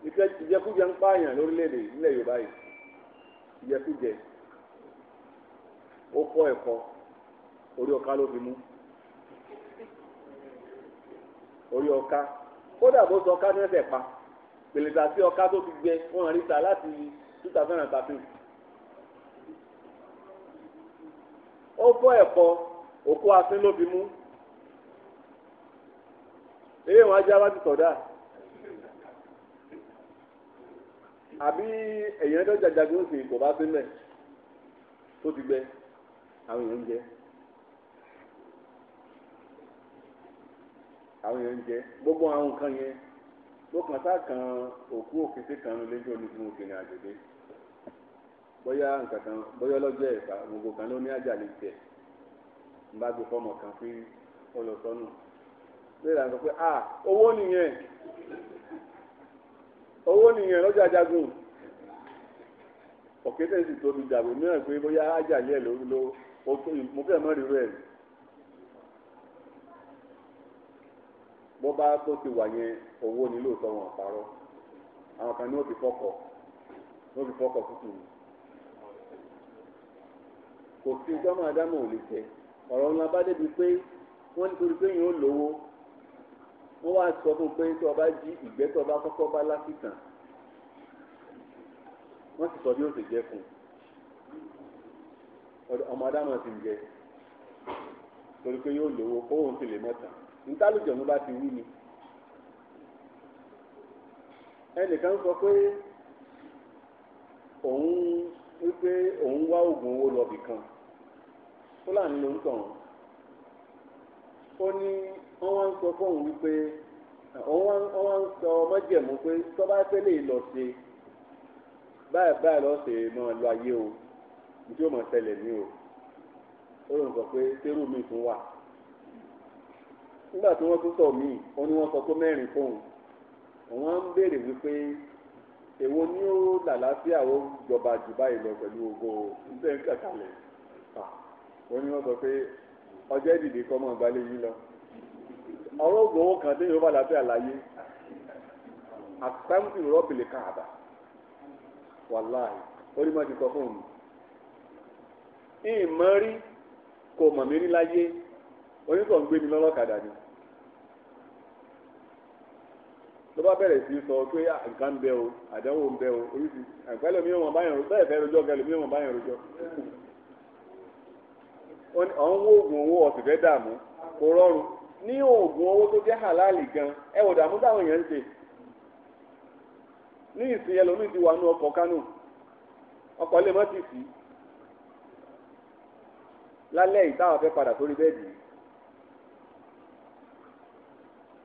B: ìfẹ́ ìjẹkújẹ ń pààyàn lórílẹ̀‐èdè nílẹ̀ Yorùbá yìí ìjẹkújẹ ó fọ́ ẹ̀kọ́ orí ọ̀ka ló fi mú orí ọ̀ka kódà bó sọ ọ̀ka ní ẹsẹ̀ pa pèlèta sí ọ̀ka tó fi gbẹ fún àríta láti two thousand and thirteen. ó bọ́ ẹ̀kọ́ òkú asín ló fi mú eré wọn ajá bá ti àbí èèyàn tó jajagun kò bá sí mẹ́ tó ti gbẹ àwọn jẹ gbogbo àwọn nǹkan yẹn ló kàn sá kan òkú òkété kan lójú bóyá nǹkan kan bóyá ọlọ́jọ́ ẹ̀ka gbogbo kan ló ní àjàlè tiẹ̀ ń bá gbé fọ́ọ̀mù kan pé ó léèrè àwọn pé ah owó nìyẹn owó nìyẹn lọ́jọ́ ajagun òkété sì tóbi dàbò mìíràn pé bóyá àjàlè ẹ̀ ló ló mo fẹ́ mọ́ rírọ ẹ̀ bó bá tó ti wà yẹn owó ni lóòótọ́ wọn àparọ́ àwọn kan ní ó ti fọkọ̀ ní ti fọkọ̀ tútù ni kò sí ìjọba àdámọ̀ ò lè jẹ ọ̀rọ̀ ńlá bá débi pé wọ́n nítorí pé yìí ó lówó wọ́n wá sọ fún un pé tí ọba jí ìgbẹ́ tí ọba kọ́kọ́ bá láfìtàn wọ́n sì sọ bí ó sì jẹ́ fún un ọmọ adámọ̀ ti ń jẹ torí pé yóò lówó kóhùn sì lè mọ̀tàn ntálùjọ̀ ló bá ti wí ni ẹnìkan sọ pé òun wípé òun wá oògùn owó lọ bìkan fúlàní ló ń tàn ó ní wọ́n wá ń sọ fóun wípé wọ́n wá ń sọ ọmọjẹ̀mú pé tọ́ba tẹ́lẹ̀ lọ sí báyìí báyìí lọ́ọ́ sì máa lọ ayé o ìdí ò mọ̀ tẹ́lẹ̀ ní o ó lóun sọ pé tẹ́rù mi tún wà nígbà tí wọ́n tún sọ míì ó ní wọ́n sọ pé mẹ́rin fóun wọ́n ń béèrè wípé èwo ni ó lálàáfíà ó jọba jù báyìí lọ pẹ̀lú ogo ń bẹ́ẹ̀ kàkàlẹ̀ fà. oní wọn sọ pé ọjọ́ ìdìdì kọ́ mọ̀ gbalẹ̀ yìí lọ ọrọ ògbówó kan tí yóò bá àlàyé àtàǹtì rọ́bìlì káàbà wàláì ti sọ fún mi ìmọ̀ kò mọ̀ mí rí láyé onísọ̀ ń gbé mi lọ́lọ́kadà ni bá sọ pé nǹkan ń bẹ o àdánwò o oríṣi àgbẹ̀lẹ̀ mi ò mọ̀ rojọ́ bẹ́ẹ̀ fẹ́ rojọ́ gẹ̀lẹ̀ mi ò mọ̀ ọ̀hún oògùn owó ọ̀sìn fẹ́ dààmú kò rọrùn ní oògùn owó tó jẹ́ halali gan ẹ wò dààmú táwọn èèyàn ń ṣe ní ìsìn ẹlòmíì ti wà nú ọkọ̀ kánò ọkọ̀ lè ti sí lálẹ́ yìí táwọn fẹ́ padà sórí bẹ́ẹ̀dì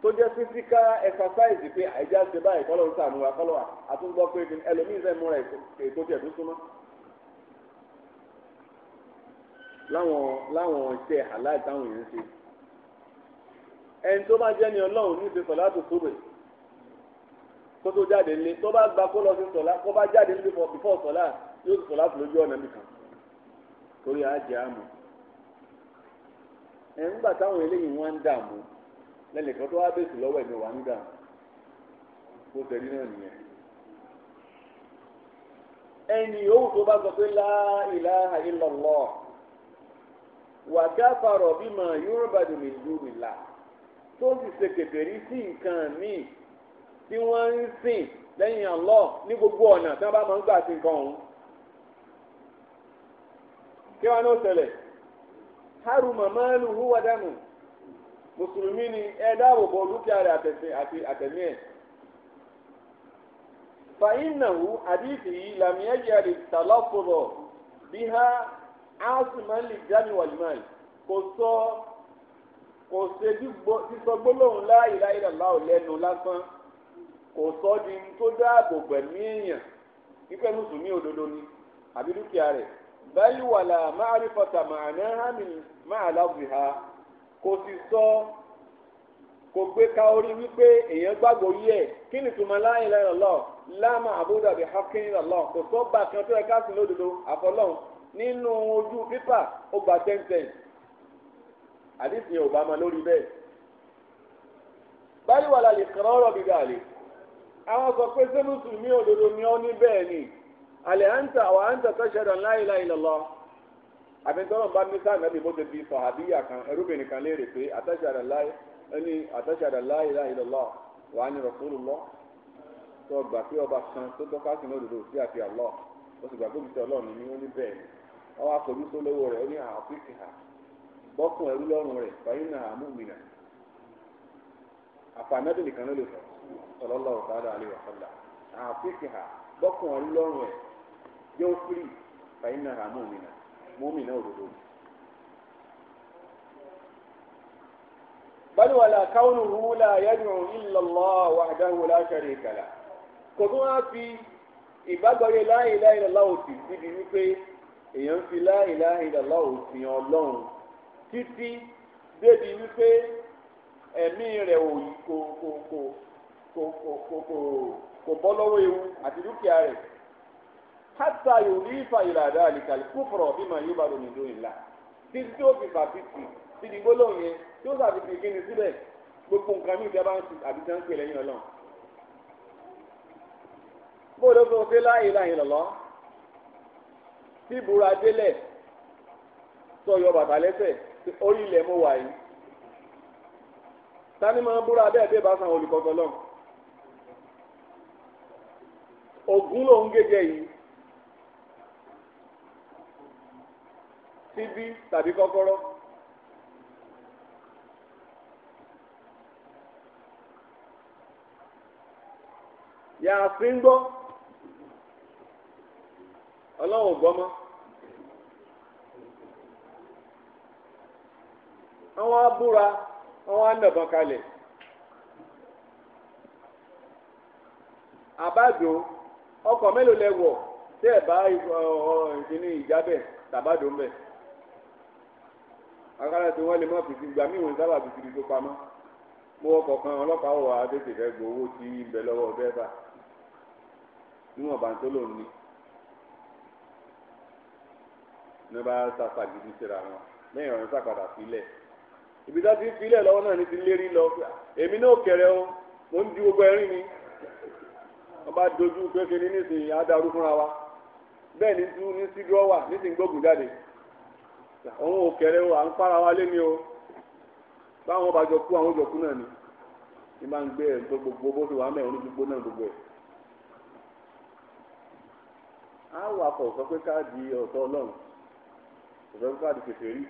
B: tó jẹ́ physical exercise pé àìjá báyìí kọ́lọ́ ń sànù kọ́lọ́ àtúngbọ́ pé ẹlòmíì fẹ́ múra ètò tẹ̀ tó súnmọ́. láwọn láwọn iṣẹ́ halal táwọn èèyàn ṣe ẹni tó bá jẹ́ ni ọlọ́run ní ìṣe sọ̀lá tó sóbè kó tó jáde nílé tó bá gba kó lọ sí sọ̀lá kó bá jáde nílé bífọ̀ sọ̀lá yóò sì sọ̀lá lójú ọ̀nà nìkan torí àjẹ́ àmọ́ ẹ̀ ń gbà táwọn eléyìí wọ́n ń dààmú lẹ́nìkan tó wá bèsì lọ́wọ́ ẹ̀mí wa ń dààmú kó tẹ̀lé náà nìyẹn ẹni yòówù tó bá sọ pé la ilaha illallah. wàkàfàrọ̀ bímọ yorùbádùn mi lù mí là tó ń ṣe sí nǹkan míì tí wọ́n ń sìn lẹ́yìn Allah ní gbogbo ọ̀nà tí wọ́n bá máa ń gbà sí nǹkan ọ̀hún. kí wọ́n náà ṣẹlẹ̀ haru mamalu huwadanu mùsùlùmí ni ẹ dáàbò bo dúkìá rẹ̀ àtẹ̀mí ẹ̀ fàyínàwó àdìsí yìí làmìẹ́jì àdìsí ha. asiman lè jami wàlímàn kò sọ kò ṣe sísọ gbólóhùn la ilaha illallah lẹ́nu lásán kò di tó dáàbò gbẹ̀mí èèyàn pípẹ́ mùsùlùmí ni àbí dúkìá rẹ̀ bẹ́ẹ̀lì wàlà ma'rifata ma'ana hàmì máa ha kò sì sọ kò gbé ka orí wípé èèyàn gbàgbọ́ yí ẹ̀ kí ni tuma la ilaha illallah la ma'buda bihaqqin illallah kò sọ bá kan nínú ojú pépà ó gba ten cent àdìsí ò bá ma lórí bẹ́ẹ̀ báyìí wà lálẹ́ kàn ọ́ rọ̀ gíga àlè àwọn sọ pé ni bẹ ní ala ni àlẹ́ àǹtà wà àǹtà sọ́ṣẹ́dọ̀ láìla ìlọ́lọ́ àbẹ̀ntọ́rọ̀ bá ní sáà nàbì bó kan ẹrúbìnrin kan léèrè pé àtàṣàdà ẹni àtàṣàdà wà á ní ọba kan tó sí ní sí àti ó ọwọ́ àfọ̀jú tó lówó rẹ̀ ó ní àfíìsì ha ẹrú lọ́rùn rẹ̀ fàyín náà àmúmìnà àfànàbì nìkan ló lè fọ sallallahu ta'ala alaihi wa sallam àfíìsì hà ẹrú yóò firi fàyín náà àmúmìnà múmìnà òdodo. wala la yad'u illa Allah wahdahu la sharika lah kò tún wá fi ìbágbọ́ wípé. èèyàn fi láìlá ìdàlọ́ òfin ọlọ́run títí débi wípé ẹ̀mí rẹ̀ ò yí kò kò kò kò kò kò kò kò bọ́ lọ́wọ́ ewu àti dúkìá rẹ̀ hátà yóò rí ìfàyèrè àdá àlìkàlì kúfọ̀rọ̀ bí màá yóò bá lòmìn lóyìn la títí tí ó fi fàtìtì tí ní gbólóhùn yẹn tí ó sàfihàn kí ni síbẹ̀ gbogbo nǹkan mi ìjábá ń sùn àbí tí wọ́n ń pè lẹ́yìn ọlọ́run. bóòdó fún un pé láàyè láàyè lọ́lọ́ tí ìbúra délẹ̀ sọyọ bàtà lẹ́sẹ̀ orí ilẹ̀ mo wà yìí tani máa búra bẹ́ẹ̀ bẹ́ẹ̀ bá san olùkọ́tọ̀ lọ. ògún lòún gègé yìí síbí tàbí kọ́kọ́rọ́. yàá
C: sí ń gbọ́. ọlọ́wọ̀ ò gbọ́ mọ́. àwọn abúra
B: àwọn anàbọ̀n kalẹ̀ àbájò ọkọ̀ mélòó lẹ tí ẹ bá ìkíní ìjábẹ̀ tàbádò ń bẹ̀ akára tí wọ́n lè mọ̀ fìdí gbà mí ìwọ̀n sábà kan ọlọ́pàá wọ̀ gbowó tí ń bẹ lọ́wọ́ bẹ́ẹ̀ bá níwọ̀n bá ní bá sàfà gidi síra wọn lẹ́yìn ọ̀rẹ́ sàpadà sílẹ̀ ibi tá ti filẹ̀ lọ́wọ́ náà ní ti lérí lọ èmi náà kẹrẹ o mo ń di gbogbo ẹ̀rín mi wọ́n bá dojú kékeré nísìnyí á darú fúnra wa bẹ́ẹ̀ ní tú ní sídúrọ́wà nísìnyí gbógun jáde òun ò kẹrẹ o à ń para wa lé mi o báwọn bá jọ kú àwọn jọ kú náà ni ní máa ń gbé ẹ̀ tó gbogbo bó ti wà mẹ́rin ní gbogbo náà gbogbo ẹ̀. á sọ pé káàdì ọ̀tọ̀ ọlọ́run ìfẹ́ fún àdìsí fèrí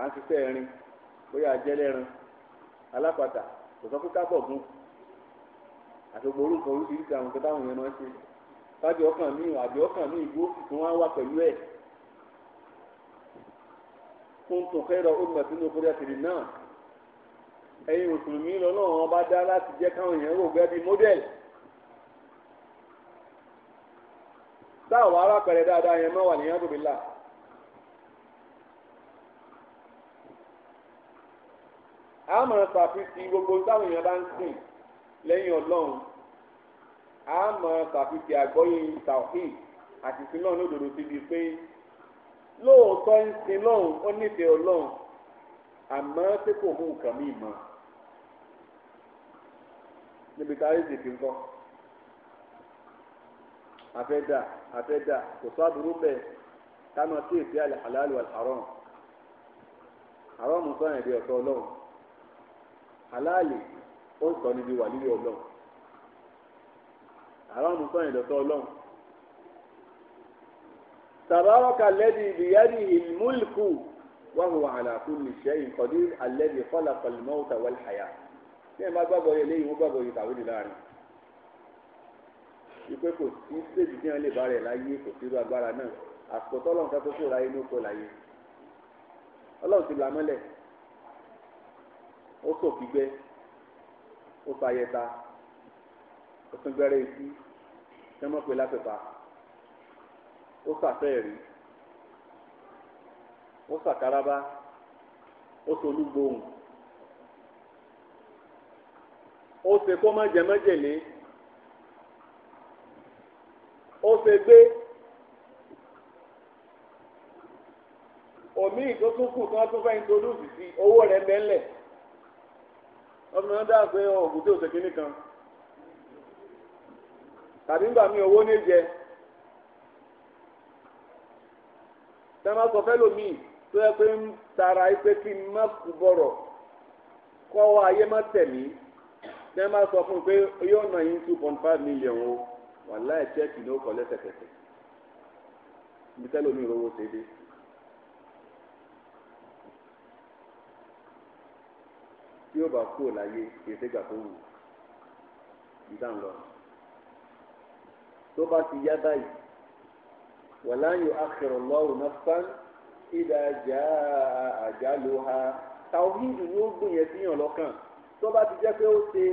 B: à ń ṣiṣẹ́ ẹrin bóyá ajẹ́lẹ́rin alápàtà kò sọ pé kábọ̀ gún àtògbò orúkọ oríṣiríṣi àwọn nǹkan táwọn èèyàn máa ń ṣe fájọ ọkàn mi àjọ ọkàn mi ìgbó sì tún wá wà pẹ̀lú ẹ̀ fún tòkẹ́rọ olùmọ̀tí ní okòrí àtìrì náà ẹ̀yin mùsùlùmí lọ́nà wọn bá dá láti jẹ́ káwọn èèyàn rò gẹ́gẹ́ bíi mọ́dẹ́lì táwọn arákùnrin dáadáa yẹn mọ́ wà ní yàgò bí là a máa ṣàfihàn gbogbo táwọn èèyàn bá ń sìn lẹ́yìn ọlọ́run a máa ṣàfihàn àgbọ́yé tawhid àti sinlọ́ọ̀ ní òdòdó síbi pé lóòótọ́ ń sin lọ́hùn ó nífẹ̀ẹ́ ọlọ́run àmọ́ tí kò mú nǹkan mí mọ́ níbi táyé ìsìnkú ńkọ́ afẹ́dà afẹ́dà kò sọ àbúrú bẹ́ẹ̀ táwọn tí èsì àlẹ́ àlálù àlẹ́ àrọ́ọ̀mù àrọ́ọ̀mù sọ̀rọ̀ ẹ̀dẹ̀ ọ̀tọ̀ ọlọ́run aláàlè ó ń sọ níbi wà nílé ọlọ́run àrọ́mù sọ yẹn lọ́tọ́ ọlọ́run. tabaraka alladhi biyadihi al-mulku wa huwa ala kulli shay'in qadir alladhi khalaqa al-mawta wal-hayat bí ẹ má gbàgbọ́ yẹ léyìn wọ́n gbàgbọ́ yẹ tàwé ní láàrin ìpè kò sí stéèjì tí wọn lè bá rẹ láyé kò sí irú agbára náà àsìkò tọ́lọ́run tó kó láyé ló kó láyé ọlọ́run ti là mọ́lẹ̀ ó sòkígbẹ́ ó fàyẹta ó tún gbẹ́rẹ́ etí tẹ́mọ́pẹ́ lápẹ̀pà ó sàfẹ́ẹ̀rí ó sàkárábá ó solúgbòhùn ó ṣe kó má jẹ mọ́jẹ̀lé ó ṣe gbé omi ìtótúkù tí wọ́n tún fẹ́ introduce sí owó rẹ̀ bẹ́ńlẹ̀ ọmọ náà dáa pé ọ̀gùn tí ò ṣe kínní kan tàbí ń gbà mí owó ní jẹ tẹ́lá sọ fẹ́ lómi tó yẹ pé ń tara pé kí n má kú bọ̀rọ̀ kọ́ ayé má tẹ̀mí tẹ́lá sọ fún un pé yóò nà yín two point five million o wàláì chẹ́ẹ̀kì ní ó kọ́ lẹ́sẹ̀kẹsẹ̀ ibi tẹ́lómi ìrówó ṣe dé. tí ó bá kúrò láyé kì í ṣègbà tó wù ìdá ńlọ tó bá ti yá báyìí wàlá yóò àkìrọ̀ lọ́rùn náà fán ìdá àjà àjálù ha tàwíìdù ni ó gbìn yẹn síyàn lọ́kàn tó bá ti jẹ́ pé ó ṣe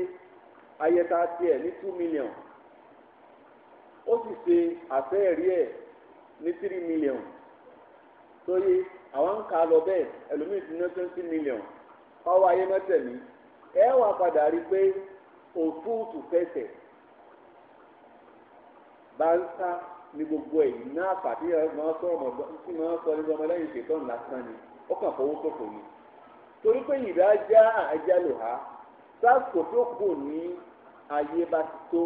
B: ayẹta tiẹ̀ ní two million ó sì ṣe àfẹ́ẹ̀rí ẹ̀ ní three million tó yé àwọn ń kà lọ bẹ́ẹ̀ ẹlòmíì ti ná twenty million. ọwọ ayé mọ́tẹ̀mí ẹ wà padà rí pé òfúùtù fẹsẹ̀ bá ń sá ní gbogbo ẹ̀ ní máa tí máa sọ ni ó kàn fọwọ́ ni torí pé ìdá já àjá lò ha ní ayé bá ti tó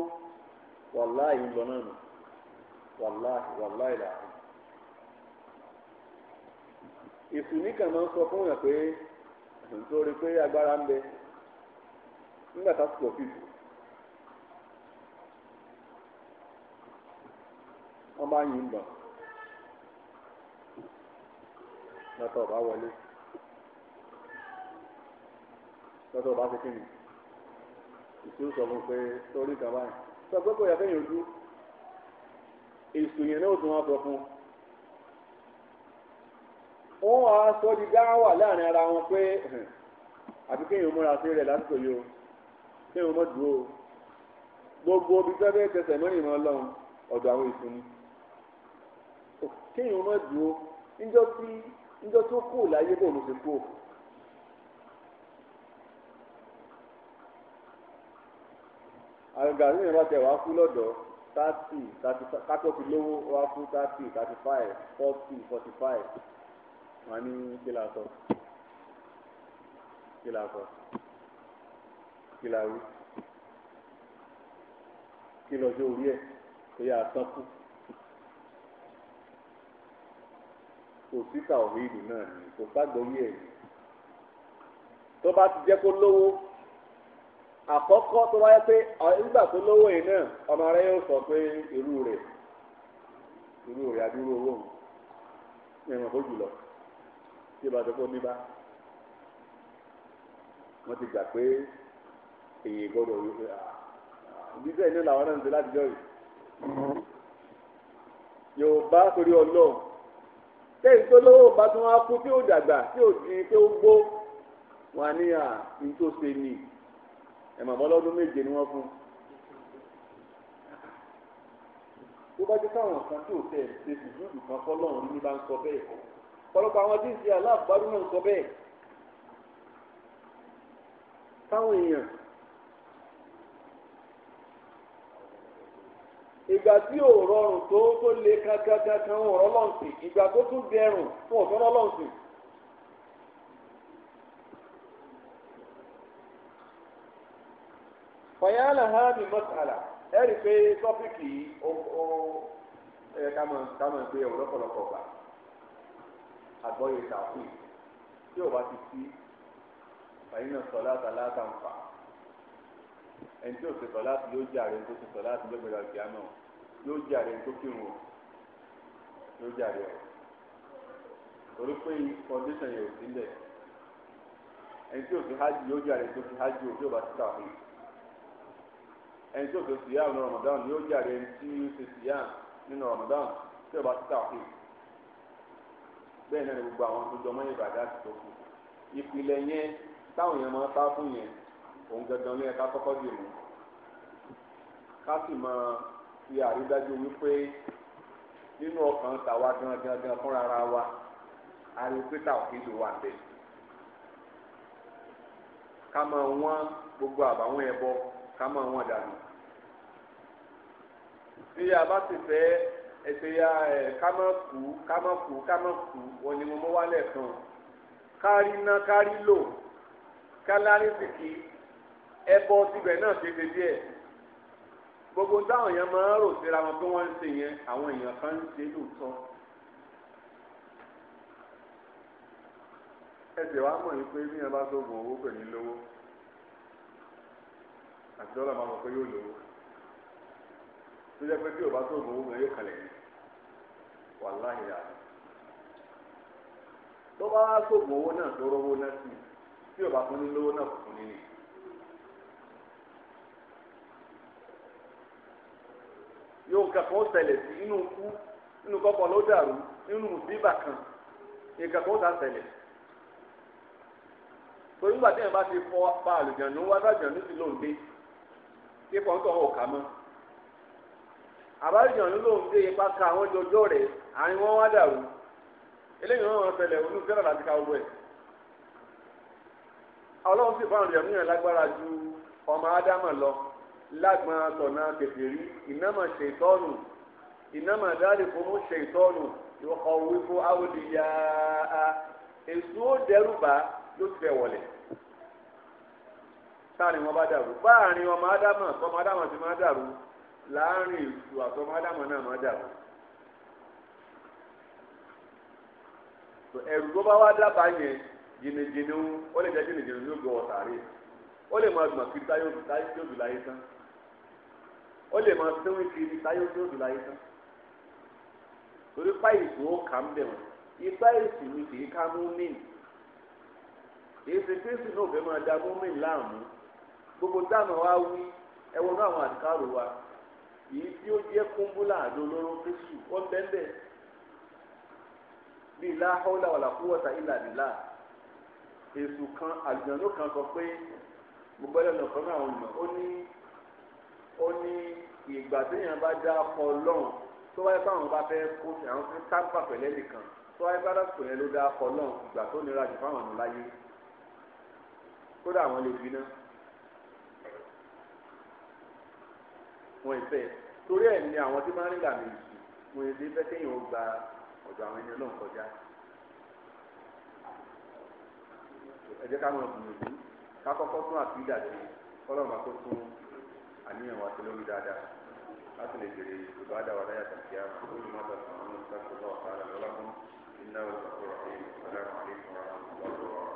B: wàláì ń lọ náà nù wàláì wàláì nítorí pé agbára ń bẹ nígbà tásìkò fífi wọ́n bá yìn bọ̀ lọ́tọ̀ bá wọlé lọ́tọ̀ bá fífi mi ìṣòro sọ fún pé sórí kan báyìí sọ pé kò yẹ fẹ́yìn ojú èsù yẹn náà ó tún wọn sọ fún un. wọ́n wá sọ di dáwà láàrin ara wọn pé àbí kéèyàn múra sí rẹ̀ lásìkò yìí o kéèyàn mọ̀ dúró gbogbo ibi tí wọ́n fẹ́ tẹsẹ̀ mọ́rin mọ́ àwọn ìsinmi kéèyàn mọ̀ dúró níjọ́ tí níjọ́ tó kù láyé bò ló ti kù. àgbà ní ìrìnàbà tẹ wàá kú thirty thirty kátó lówó wọn ní kílà sọ kílà sọ kílà wí kílọ sí orí ẹ tó yà tán kú kò sí tàwíìdì náà ni kò ságbóyè ẹ tó bá ti jẹ́ kó lówó àkọ́kọ́ tó wáyé pé nígbà tó lówó yìí náà ọmọ rẹ yóò sọ pé irú rẹ irú rẹ adúrú owó mi ìrìn àbójú tí ìbá tó kó ní bá wọ́n ti gbà pé èyí gbọ́dọ̀ wí pé ìdíjẹ́ ah, ah, ìní làwọn náà ń ṣe láti jọ yìí yorùbá torí ọlọ́run tẹ́yìn tó lówó bá tún wá kú tí ó dàgbà tí ó di tí ó gbó wọn á ní à ah, ní tó ṣe ni ẹ̀mọ̀ ọlọ́dún méje ni wọ́n fún un. tó bá jẹ́ káwọn kan tí ò tẹ̀ ṣe sùdúùdù kan fọ́lọ́run ní bá ń sọ bẹ́ẹ̀ kọ́. ọ̀pọ̀lọpọ̀ àwọn tí ń ṣe aláàbárú náà sọ bẹ́ẹ̀ táwọn èèyàn ìgbà tí ò rọrùn tó tó le kankankankan wọn ọ̀rọ̀ lọ́ǹsìn ìgbà tó tún dẹrùn wọn ò lọ́ǹsìn. ha mi mọ́tàlá e pé tọ́pìkì yìí ó ẹ̀ ká mọ̀ ká mọ̀ pé ọ̀rọ̀ àgbọ́yé tààkù tí ò bá ti sí ẹ̀yin náà sọ láta láta ń fà ẹni tí ò ti sọ láti yóò jàre tó ti sọ láti lóbi ra ìgbà náà yóò jàre tó kírun o yóò jàre o torí pé foundation yẹn ò sí lẹ̀ ẹni tí ò ti hajj yóò jàre tó ti hajj o tí ò bá ti tààkù ẹni tí ò ti síyá nínú Ramadan yóò jàre ẹni tí ó ti síyá nínú Ramadan tí ò bá ti tààkù. bẹ́ẹ̀ náà ni gbogbo àwọn tó jọmọ́ ìbàdàn àti tó kù ìpìlẹ̀ yẹn táwọn èèyàn máa sá fún yẹn òun gangan ló yẹ kọ́kọ́ dì mú ká sì máa fi àrídájú wípé nínú ọkàn tàwa gan fúnra wa ariwo pé tàwa kì í lò wà gbogbo ká máa wọ́n dànù tí ẹsẹ̀ ya ẹ̀ kámá kú kámá kú kámá kú wọn ni mo mú wálẹ̀ kan kárí ná kárí lò kálárìsìkì ẹbọ tibẹ̀ náà ṣe ṣe díẹ̀ gbogbo táwọn èèyàn máa ń rò síra wọn pé wọ́n ń ṣe yẹn àwọn èèyàn kan ń ṣe lóòótọ́. ẹsẹ̀ wa mọ̀ ní pé bí wọn bá sọ̀gùn owó pẹ̀lú lówó àti dọ́là máa mọ̀ yóò lówó. tó jẹ́ pé tí o bá tó ògùn ògùn yóò kalẹ̀ yìí wàláhì rà tó bá wá sóògùn owó náà tó rówó náà sí tí o bá fún ní lówó náà fún ní nìyí. yóò nǹkan kan sí inú kú inú kọ́kọ́ ló dàrú inú mùsíbà kan nǹkan kan ó torí ti pa kí àbájọ ní lòun dé ipa ka àwọn jọjọ rẹ àárín wọn wá dàrú eléyìí wọn wọn fẹlẹ onú fẹlẹ láti ka gbogbo ẹ Ọlọ́run sì fáwọn ìyàwó yẹn lágbára ju ọmọ ádámà lọ lágbọn tọ̀nà kẹfìrí ìnámà ṣètọ́nù ìnámà dáàdì fòmù ṣètọ́nù ìwọ̀kọ̀ òwe fún áwòdì yáa èso dẹrùbà ló ti fẹ́ wọlé sáà ni wọn bá dàrú báà ni ọmọ ádámà tọmọ ádámà ti máa dàrú. láàrin ìsù àtọmọ ádámọ náà má dà ẹrù tó bá wá dábàá yẹn jìnnìjìnnì ó lè jẹ jìnnìjìnnì ní ògbó ọ̀tàrí ó lè máa gbọ̀n kiri táyọ̀ òdù láyé tán ó lè máa sẹ́wọ́n kiri táyọ̀ òdù láyé tán torí páyì tó ó kà ń bẹ̀ wọ́n èsì kì í ká mú èsì da mú gbogbo dáná wa wí ẹ̀wọ̀n náà àwọn àdìkárò wa èyí tí ó jẹ́ kúńbúlà àdolóró kristu ó ń bẹ́ńbẹ́ bíi láhọ́lá wàlàkúwọ̀tà ìlàdìlà èṣù kan àlùjànnú kan sọ pé gbogbo ẹlẹ́nu kan náà wọ̀nyí ó ní ó ní ìgbà téèyàn bá dá ọkọ̀ ọlọ́run tó wáyé báwọn bá fẹ́ kó àwọn fẹ́ kápá pẹ̀lẹ́ nìkan tó wáyé bá dàpọ̀ yẹn ló dá ọkọ̀ ọlọ́run ìgbà tó nira jù fáwọn ọ̀nà láyé kódà àwọn lè fi náà. wọn ìfẹ́ torí ẹ̀ ni àwọn tí máa ń gà mí jù wọn èdè fẹ́ kéèyàn ó gba ọ̀dọ̀ àwọn ẹni náà kọjá ẹ jẹ́ ká mọ̀ gbìyànjú ká
A: kọ́kọ́ tún àfíìdà sí kọ́lọ́mà kó tún àníyàn wa sí lórí dáadáa láti lè bèrè ìbáda wa láyà tàbí àmà ó lè má tàbí àwọn ọmọ ìsàkóso ọ̀tá àlọ́ lọ́kùn iná òṣèlú ọ̀hún ìsàlámù àlékún ọ̀rọ̀ àwọn ọ̀rọ̀